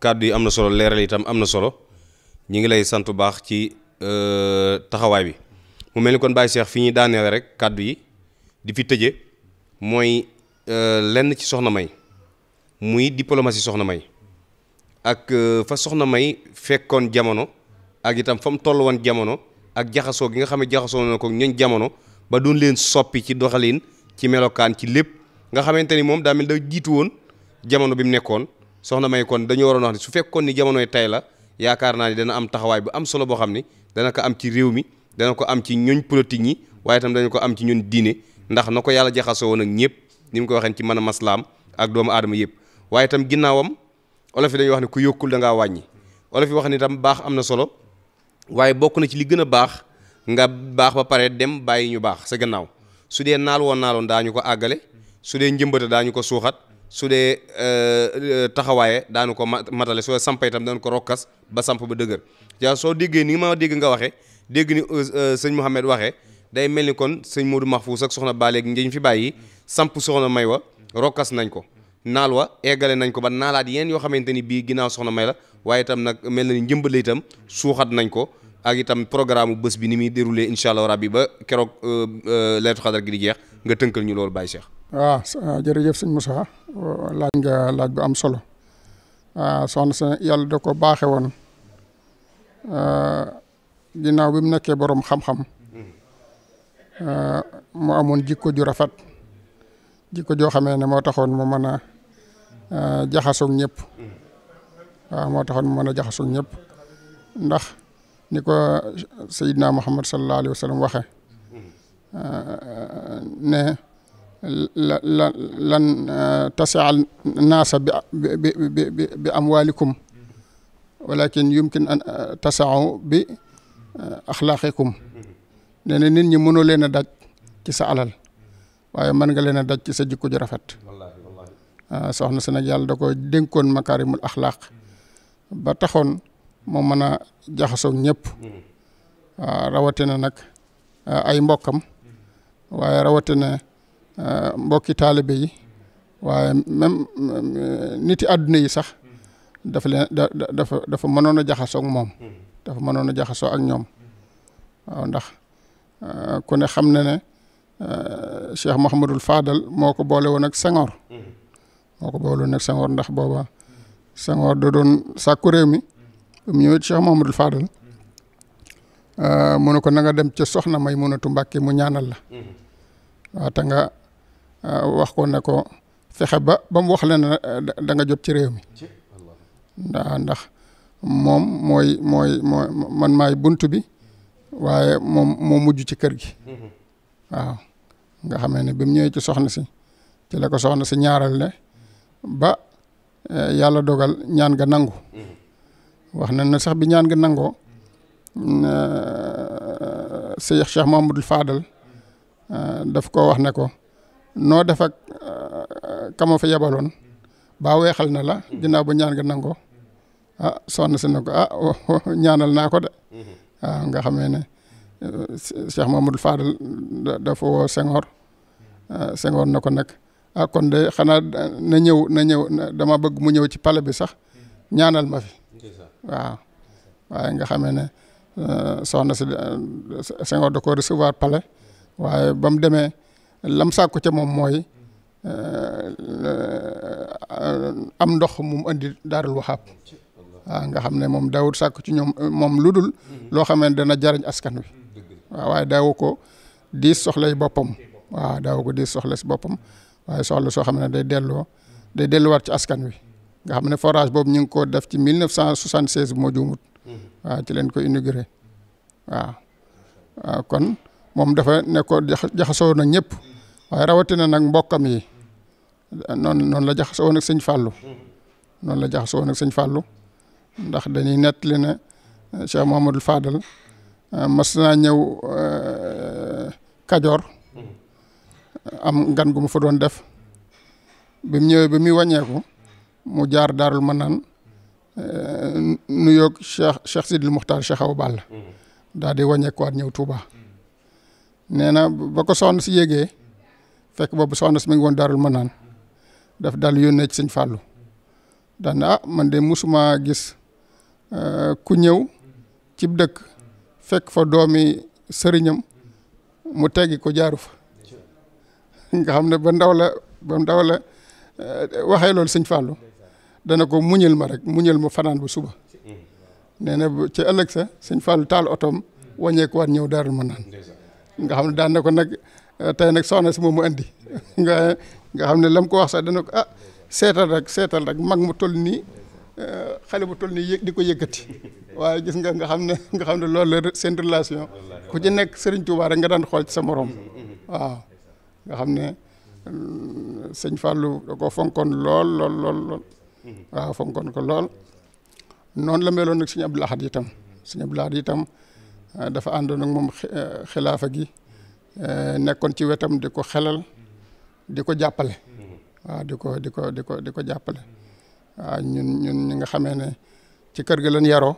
kàddu yi am na solo leeral itam am na solo ñu ngi lay sant bu baax ci euh, taxawaay bi mu mel ni kon Baye Cheikh fi ñuy daaneel rek kàddu yi di fi tëje mooy euh, lenn ci soxna May muy diplomatie soxna May ak fa soxna May fekkoon jamono ak itam fa mu toll woon jamono. ak jaxasoo gi nga xam ne jaxasoo na ko ñooñ jamono ba doon leen soppi ci doxalin ci melokaan ci lépp nga xamante ni moom daa mel da jiitu woon jamono bi mu nekkoon soxna may kon dañoo waroon wax ne su fekkoon ni jamonoy tay la yaakaar naa ni dana am taxawaay bu am solo boo xam ni dana ko am ci réew mi dana ko am ci ñooñ politique ñi waaye itam dañu ko am ci ñun diine ndax na ko yàlla jaxasoo woon ak ñëpp ni mu ko waxee ci mën a maslaam ak doomu aadama yëpp waaye tam ginnaawam olof yi dañuy wax ne ku yokkul da ngaa wàññi olof yi wax ni itam baax am na solo waaye bokk na ci li gën a baax nga baax ba pare dem bàyyi ñu baax sa gannaaw su dee naal woon naaloon daañu ko àggale su dee njëmbata daañu ko suuxat su dee euh, taxawaaye daanu ko matale su sampa itam ko rokkas ba samp ba dëgër yaa soo déggee ni ma dégg nga waxee dégg ni euh, euh, sëñ Mouhamed waxee day mel ni kon sëñ Modou Mahfous ak soxna Baleeg ngiñ fi bàyyi samp soxna may wa rokkas nañ ko naal wa eggale nañ ko ba naalaat yeen yoo xamante ni bii ginnaaw soxna may la waaye itam nag mel na ni njëmbale itam suuxat nañ ko ak itam programme bës bi ni muy déroulé incha allah rabbi ba keroog euh, euh, leetu xadar gi nga tënkal ñu loolu Baye Cheikh. Ah, ah, jërëjëf sëñ Moussa oh, laaj nga laaj bu am solo ah, soxna sa yàlla da ko baaxe woon ginnaaw bi mu nekkee borom xam-xam mu amoon jikko ju rafet jikko joo xamee ne moo taxoon mu mën a jaxasoog ñëpp waaw moo taxoon mu mën a jaxasoog ñëpp ndax. ni ko sayidna muhammad sallallahu alayhi wa sallam waxe ne la la lan eh, tasaal naasa bi bi bi bi yumkin an eh, tasaaw bi eh, axlaaqikum nee na nit ñi mënoo leen a daj ci sa alal waaye mën nga leen a daj ci sa jikko ju rafet ah, soxna si nag yàlla da ko ba taxoon moo mën a jaxasoog ñëpp mm-hmm. ah, rawatina nag ah, ay mbokkam mm-hmm. waaye rawatina ah, mbokki taalibe yi mm-hmm. waaye même mm, niti àdduna yi sax dafa leen dafa dafa mënoon a jaxasoog moom dafa mënoon a jaxasoo ak ñoom waaw ndax ku ne xam na ne Cheikh Mouhamadul Fadal moo ko boole woon ak moo ko boole woon ak Senghor ndax booba Senghor da doon sàkku réew mi mu ñëwee Cheikh Mouhamadul Fadal euh, mu ne ko na nga dem ca soxna may munatu Mbàkke mu ñaanal la mm-hmm. waaw nga euh, wax ko ne ko fexe ba ba mu wax leen euh, danga nga jot ci réew mi ndax moom mooy mooy mooy man maay bunt bi waaye moom moo mujj ci kër gi mm-hmm. waaw nga xamee ne bi mu ñëwee ci soxna si ci ko soxna si ñaaral ne ba yàlla dogal ñaan nga nangu mm-hmm. wax nañ na sax bi ñaan nga nangoo euh, Seex Cheikh Mahamadul Faadal euh, daf ko wax ne ko noo def ak euh, kama yebaloon baa weexal na la ginnaaw ba ñaan nga nangoo ah sonn si na ko ah, oh, oh, ñaanal naa ko de ah, nga xamee ne Cheikh Mahamadul Faadal dafa woo Senghor Senghor na ko nag ah kon de xanaa na ñëw na ñëw dama bëgg mu ñëw ci pale bi sax ñaanal ma fi waaw waaye nga xamee ne euh, soxna si euh, Senghor da ko recevoir palais waaye ba mu demee lam sàkku ca moom mooy euh, am ndox mu mu indi daarul waxaab waaw nga xam ne moom daawut sàkku ci ñoom moom lu dul loo xam ne dana jariñ askan wi waaw waaye daawu ko diis soxlay boppam waaw daawu ko diis soxla si boppam waaye soxla soo xam ne day delloo day delluwaat ci askan wi nga xam ne forage boobu ñu ngi ko def ci 1976 moo juumut waaw ci leen ko inauguré waaw waaw kon moom dafa nekkoon jaxasoo na ñëpp waaye rawatina nag mbokkam yi noon noonu la jaxasoo nag sëñ Fàllu noonu la jaxasoo nag sëñ Fàllu ndax dañuy nettali ne Cheikh Mouhamadul Fadal euh, mas naa ñëw euh, Kajoor am gan gu mu fa doon def bi mu ñëwee bi muy wàññeeku mu jaar daarul manaan eh, nuyoog Cheikh Cheikh Sidil Muxtaar Cheikh Awa Balla daal di wàññeekuwaat ñëw Touba nee na ba ko soxna si yéegee fekk boobu soxna si mi ngi woon daarul manaan daf daal yónnee ci sëñ Fallou daan ah man de musuma gis eh, ku ñëw cib dëkk fekk fa doomi sëriñam mu teggi ko jaaru fa nga xam ne ba ndaw la ba ndaw la eh, waxee loolu sëñ Fallou dana ko muñal ma rek muñel ma fanaan ba suba nee na ci ëllëg sa sëñ Fallou taal otoom wàññeekuwaat ñëw daarul ma naan nga xam ne daan na ko nag eh, tey nag soxna si moom mu andi nga nga xam ne lam ko wax sax dana ko ah seetal rek seetal rek mag mu toll nii eh, xale bu toll nii yëg di ko yëkkati waaye gis nga nga xam ne nga xam ne loolu la seen relation ku ci nekk Serigne Touba rek nga daan xool ci sa morom waaw nga xam ne mm, sëñ Fallou da ko fonkoon lool lool lool lool. waaw fonkoon ko lool noonu la meloon nag sëñ Abdul yitam itam sëñ Abdul Ahad itam eh, dafa àndoon ak moom eh, xilaafa gi eh, nekkoon ci wetam di ko xelal di ko jàppale waaw di ko di ko di ko di ko jàppale waaw ñun ñun ñi nga xamee ne ci kër gi lañ yaroo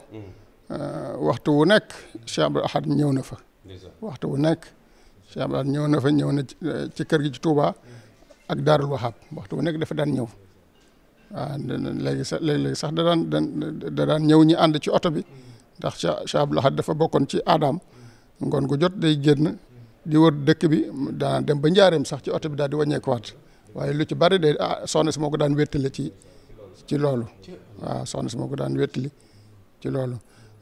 waxtu wu nekk Cheikh Abdou Ahad ñëw na fa waxtu wu nekk Cheikh Abdou Ahad ñëw na fa ñëw na ci kër gi ci Touba ak Daarul Wahab waxtu wu nekk dafa daan ñëw waaw ah, léegi sax léeg-léeg sax da daan ñëw ñi ànd ci oto bi ndax Cheikh Abdoul Ahad dafa bokkoon ci aadaam ngoon gu jot day génn di wër dëkk bi daan dem ba njaareem sax ci oto bi daal di wàññeekuwaat waaye lu ci bari day ah soxna si moo ko daan wéttali ci ci loolu waaw soxna si moo ko daan wéttali ci loolu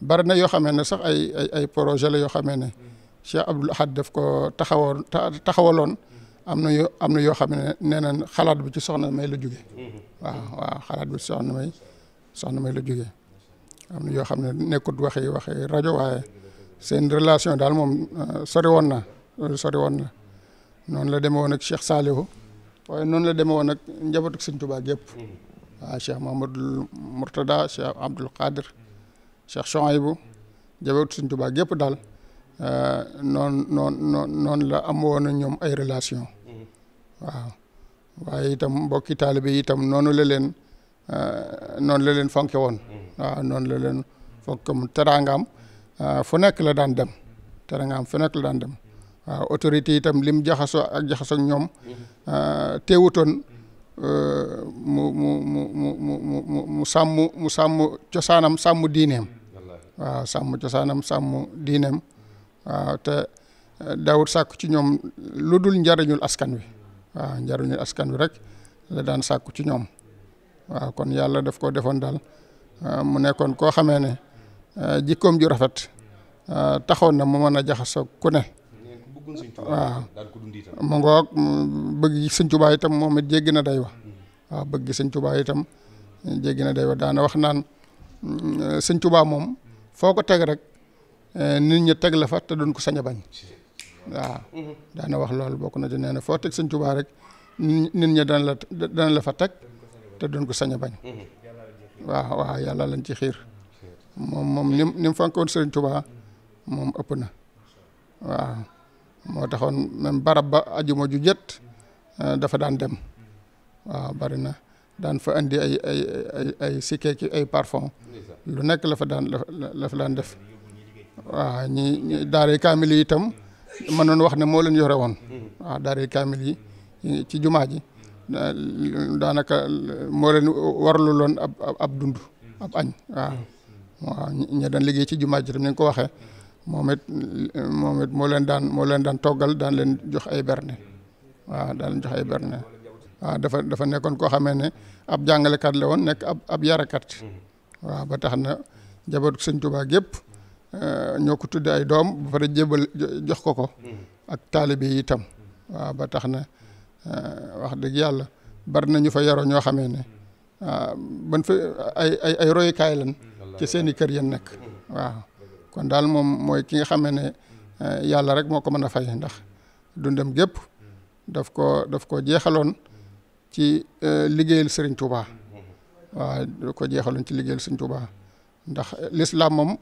bari na yoo xamee ne sax ay ay ay projet la yoo xamee ne Cheikh Abdoul Ahad daf ko taxawoon taxawaloon am na yoo am na yoo xam ne nee na xalaat bi ci soxna may la jóge waaw waaw xalaat bi ci soxna may soxna may la jóge am na yoo xam ne nekkut waxi waxi rajo waaye seen relation daal moom euh, sori woon na sori woon na noonu la deme woon ak Cheikh Saliou waaye noonu la demee woon ak njabootu Sëñ Tuubaa gépp waaw Cheikh Mahamadul Murtada Cheikh Abdul Qadir Cheikh Chouaïbou njabootu Sëñ Tuubaa gépp daal Euh, noon noonu noonu noonu la amoon ñoom ay relation mm-hmm. waaw waaye itam mbokki taalibe yi itam noonu la leen euh, noonu la leen fonke woon mm-hmm. waaw noonu la leen fonkam teraangaam euh, fu nekk la daan dem teraangaam fu la daan dem waaw autorité itam lim jaxasoo ak jaxasoo ñoom mm-hmm. teewutoon mu mu mu mu mu mu sàmm mu sàmm cosaanam sàmm diineem waaw sàmm cosaanam sàmm diineem waaw te eh, daawut sàkku ci ñoom lu dul njariñul askan wi waaw njariñul askan wi rek la daan sàkku ci ñoom waaw kon yàlla def koo defoon daal eh, mu nekkoon koo xamee ne eh, jikkoom ju rafet taxoon na mu mën a jaxasoo ku ne mu ngoog bëgg sëñ Tuubaa itam moom it jéggi na day wa waaw bëgg sëñ itam jéggi na day wa daana wax naan mm, sëñ moom foo ko teg rek Eh, nit ñi teg la fa te duñ ko sañ a bañ waaw daana wax loolu bokk na ci nee foo teg sëñ rek nit ñi dana la fa teg te ko sañ a bañ waaw waaw yàlla lañ ci xiir moom moom ni mu ni mu fonkoon sëñ moom ëpp na waaw moo taxoon même barab ba ajuma ju jët eh, dafa daan dem waaw bari na daan fa andi ay ay ay ay sikke ki ay parfum lu nekk la fa la fa daan def waaw ñi ñi daare kaamil yi itam mën nañu wax ne moo leen yore woon mm-hmm. waaw daare kaamil yi ci jumaa ji daanaka moo leen warlu loon ab ab dund ab añ waaw mm-hmm. waaw daan liggéey ci jumaa ji itam ni nga ko waxee moom moom it moo leen daan moo leen daan toggal daan leen jox ay berne waaw daan leen jox ay berne waaw dafa dafa nekkoon koo xamee ne ab jàngalekat la woon nekk ab ab yarakat mm-hmm. waaw ba tax na jabootu sëñ Tuubaa gépp Euh, ñoo ko tuddee ay doom ba pare jébal jox ko ko hmm. ak taalibe yi itam waaw ba tax na euh, wax dëgg yàlla bari ñu fa yaroo ñoo xamee ne ban fa ay ay ay royukaay lan ci seen kër yéen nekk waaw kon daal moom mooy ki nga xamee ne euh, yàlla rek moo ko mën a fay ndax dundam gépp daf ko daf ko jeexaloon ci liggéeyal Serigne Touba hmm. waaw ko jeexaloon ci liggéeyal Serigne Touba ndax l'islam moom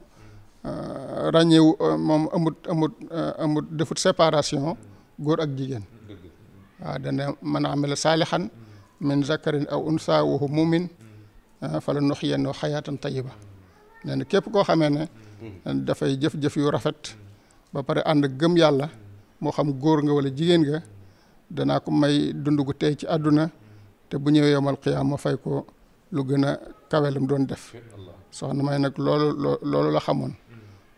Euh, ràññeewu euh, moom amut amut euh, defut separation góor ak jigéen waaw dana man amila saalihan min zakarin aw unsa wa huwa mumin fa la nuxyiyannoo xayaatan tayiba nee na képp koo xamee ne dafay jëf-jëf yu rafet ba pare ànd gëm yàlla moo xam góor nga wala jigéen nga danaa ko may dund gu tey ci àdduna te bu ñëwee yomal xiyaam ma fay ko lu gën a kawe lam doon def soxna may nag loolu loolu la xamoon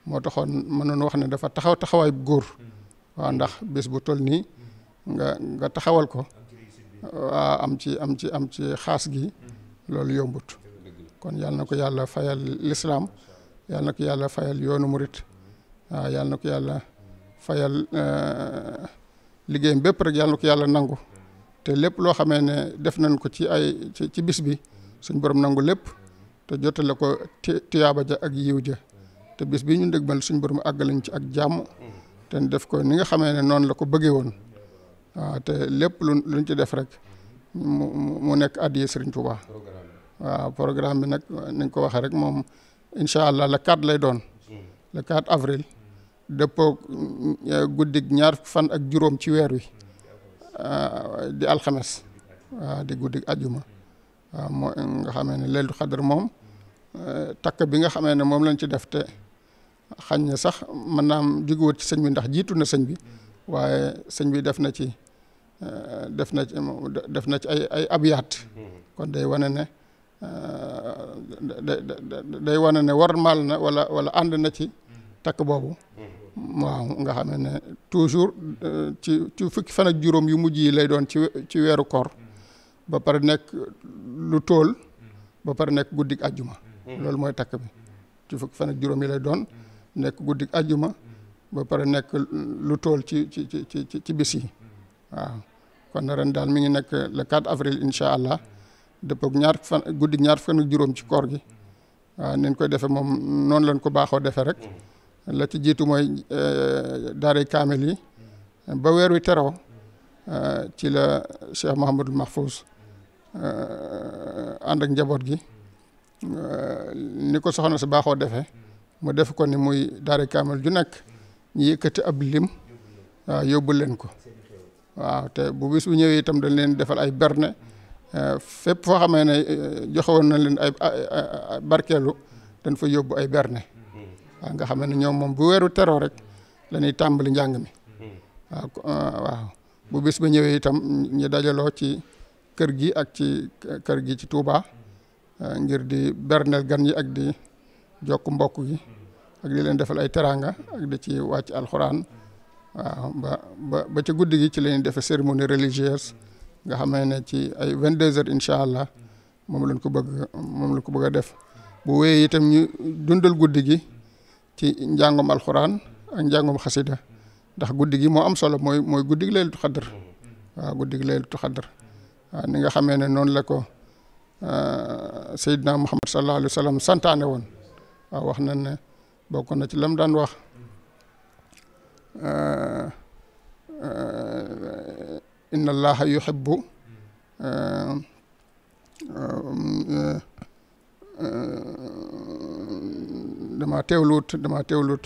moo taxoon mënoon wax ne dafa taxaw taxawaay góor mm-hmm. waaw ndax bés bu toll nii mm-hmm. nga nga taxawal ko waa am ci am ci am ci xaas gi mm-hmm. loolu yombut kon yàlla na ko yàlla fayal lislaam yàlla na yàlla fayal yoonu murit waaw fayal euh, liggéeyam bépp rek yàlla ko yàlla nangu te lépp loo xamee ne def nañ ko ci ay ci bis bi suñ borom nangu lépp te jotale ko tiyaaba ja ak yiw ja te bis bi ñu dëgmal suñu borom àggalañ ci ak jàmm te def ko ni nga xamee ne noonu la ko bëggee woon waaw te lépp lu luñ ci def rek mu nekk nekk addiya Sëriñ Tuubaa waaw programme bi nag ni nga ko waxee rek moom incha allah la 4 lay doon le 4 avril dëppoo euh, guddig ñaar fan ak juróom ci weer wi euh, di alxames waaw di guddig ajuma waaw moo nga xamee ne leelu xadar moom euh, takk bi nga xamee ne moom lañ ci def te xañ na sax mën naa am ci sëñ bi ndax jiitu na sëñ bi waaye sëñ bi def na ci eh, def na ci na ci ay ay abyaat kon day wane na eh, day wane ne war maal na wala wala ànd na ci takk boobu waaw nga xam ne toujours eh, ci ci fukki fan juróom yu mujj yi lay doon ci ci weeru koor ba pare nekk lu tool ba pare nekk guddik àjjuma loolu mooy takk bi ci fukki fan juróom yi lay doon nekk guddik ajjuma ba pare nekk lu tool ci ci ci ci ci bis yi waaw kon ren daal mi ngi nekk le 4 avril incha allah dëppook ñaar fan guddik ñaar fan juróom ci koor gi waaw nañ koy defee moom noonu lañ ko baaxoo defee rek la ci jiitu mooy eh, daaray kaamel yi ba weer wi teroo eh, ci la Cheikh Mouhamadul Mahfouz eh, ànd ak njaboot gi ni ko soxna si baaxoo defee mu def ko ni muy daara kaamal ju nekk ñu yëkkati ab lim waaw yóbbu leen ko waaw te bu bis bu ñëwee itam dañ leen defal ay berne eh, fépp foo xamee ne eh, joxewoon nañ leen ay barkeelu dañ fa yóbbu ay berne nga xam ne ñoom moom bu weeru teroo rek la ñuy tàmbali njàng mi eh, waaw bu bis ba ñëwee itam ñu dajaloo ci kër gi ak ci kër gi ci tuubaa ngir di berneel gan yi ak di jokk mbokk gi ak di leen defal ay teraanga ak di ci wàcc alxuraan waaw ba ba ba ci guddi gi ci la defe defee cérémonie religieuse nga xamee ne ci ay 22 heures incha allah moom lañ ko bëgg moom lañ ko bëgg a def bu wéyee itam ñu dundal guddi gi ci njàngum alxuraan ak njàngum xasida ndax guddi gi moo am solo mooy mooy guddi gi Laylatul Qadr waaw guddi gi Laylatul Qadr ni nga xamee ne noonu la ko euh, Seydina Muhammad sallallahu alayhi wa sallam santaane woon waaw wax na ne. bokk na ci lam daan wax inna allaha yuhibbu dama teewluut dama teewluut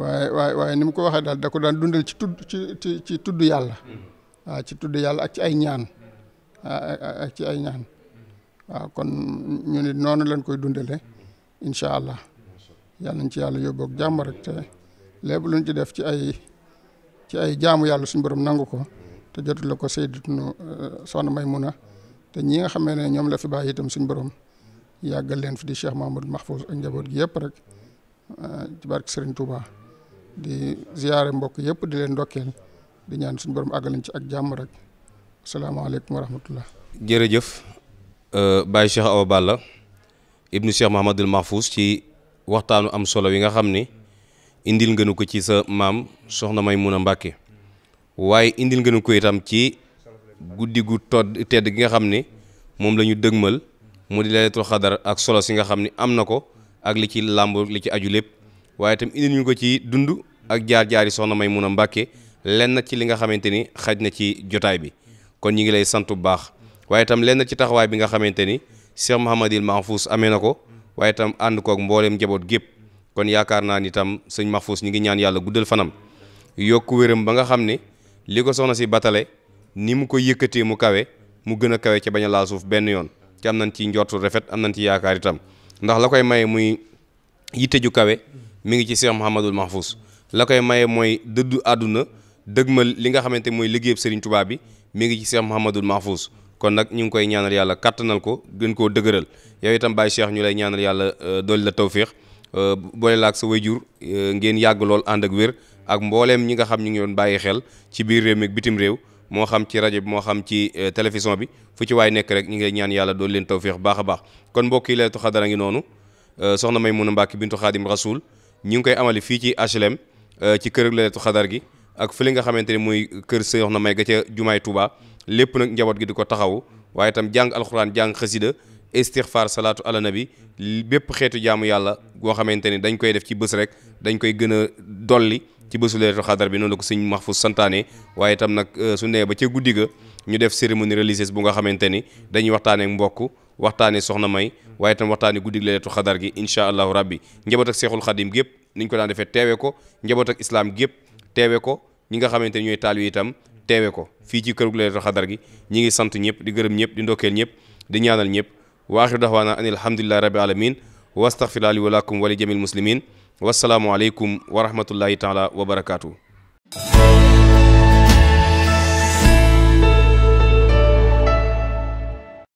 waaye waaye waaye ni mu ko waxee daal da daan dundal ci tudd ci ci tudd yàlla waaw ci tudd yàlla ak ci ay ñaan ak ci ay ñaan waaw kon ñu ni noonu leen koy dundale incha allah yàlla nañ ci yàlla yóbboog jàmm rek te lépp luñ ci def ci ay ci ay jaamu yàlla suñ borom nangu ko te jotul la ko Sayyidatuna euh, Soxna Maymuna te ñi nga xamee ne ñoom la fi bàyyi itam suñ borom yàggal leen fi di Cheikh Mahmoud Mahfouz ak njaboot yëpp rek euh, ci barke Serigne Touba di ziyaare mbokk yëpp di leen ndokkeel di ñaan suñ borom àggalañ ci ak jàmm rek asalaamaaleykum wa jërëjëf euh, Baye Cheikh Awa Balla ibnu Cheikh Mahmadul Mahfouz ci waxtaanu am solo yi nga xam ni indil nga ko ci sa maam soxna a Mbàkke waaye indil nga ko itam ci guddi gu todd tedd gi nga xam ni moom la ñu dëgmal mu di laylatul xadar ak solo si nga xam ni am na ko ak li ci làmb li ci aju lépp waaye itam indil ñu ko ci dund ak jaar-jaari soxna a Mbàkke lenn ci li nga xamante ni xaj na ci jotaay bi kon ñi ngi lay sant bu baax waaye itam lenn ci taxawaay bi nga xamante ni Cheikh Mouhamadil Mahfous amee na ko waaye itam ànd kook mbooleem njaboot gépp kon yaakaar naa ni itam sëñ Mahfous ñi ngi ñaan yàlla guddal fanam yokk wéram ba nga xam ni li ko soxna si batale ni mu ko yëkkatee mu kawe mu gën a kawe ca bañ laa suuf benn yoon ci am nañ ci njortu rafet am nañ ci yaakaar itam ndax la koy maye muy yitte ju kawe mu ngi ci Cheikh Mouhamadul Mahfous la koy maye mooy dëddu àdduna dëgmal li nga xamante mooy liggéeyub Serigne Touba bi mi ngi ci Cheikh Mouhamadul Mahfous kon nag ñu ngi koy ñaanal yàlla kàttanal ko gën koo dëgëral yow itam Baye Cheikh ñu lay ñaanal yàlla euh, dolli la tawféex euh, boole la ak sa wayjur euh, ngeen yàgg lool ànd ak wér ak mbooleem ñi nga xam ñu ngi doon bàyyi xel ci biir réew mi ak réew moo xam ci rajo bi moo xam ci télévision bi fu ci nekk rek ñu ngi ñaan yàlla dool leen tawféex baax a baax kon mbokk yi Laylatul Qadr a ngi noonu soxna Maymuna Mbàkke bintu Xaadim Rasul ñu ngi koy amali fii ci HLM ci kër Laylatul Qadr gi ak fële nga xamante ne mooy kër soxna May ga ca Jumaay Touba lépp nag njaboot gi di ko taxaw waaye itam jàng alxuraan jàng xasida istixfaar salaatu ala nabi bépp xeetu jaamu yàlla goo xamante ni dañ koy def ci bës rek dañ koy gën a dolli ci bésu leetu xadar bi noonu la ko sëñ Mahfouz santaane waaye itam nag euh, su nee ba ca guddi ñu def cérémonie religieuse bu nga xamante ni dañuy waxtaanee mbokk waxtaanee soxna may waaye itam waxtaanee guddi leetu xadar gi incha allahu rabbi njaboot ak seexul xadim gépp niñ ko daan defee teewe ko njaboot ak islam gépp teewe ko ñi nga xamante ni ñooy taal yi itam teewe ko fii ci kër gu Laylatul Qadr gi ñi ngi sant ñëpp di gërëm ñëpp di ndokkeel ñëpp di ñaanal ñëpp waaxiru daxwaana an alhamdulillahi rabbil alamin wastaghfir li wa lakum wa li jamil muslimin wasalaamu aleykum wa rahmatullahi taala wa barakaatu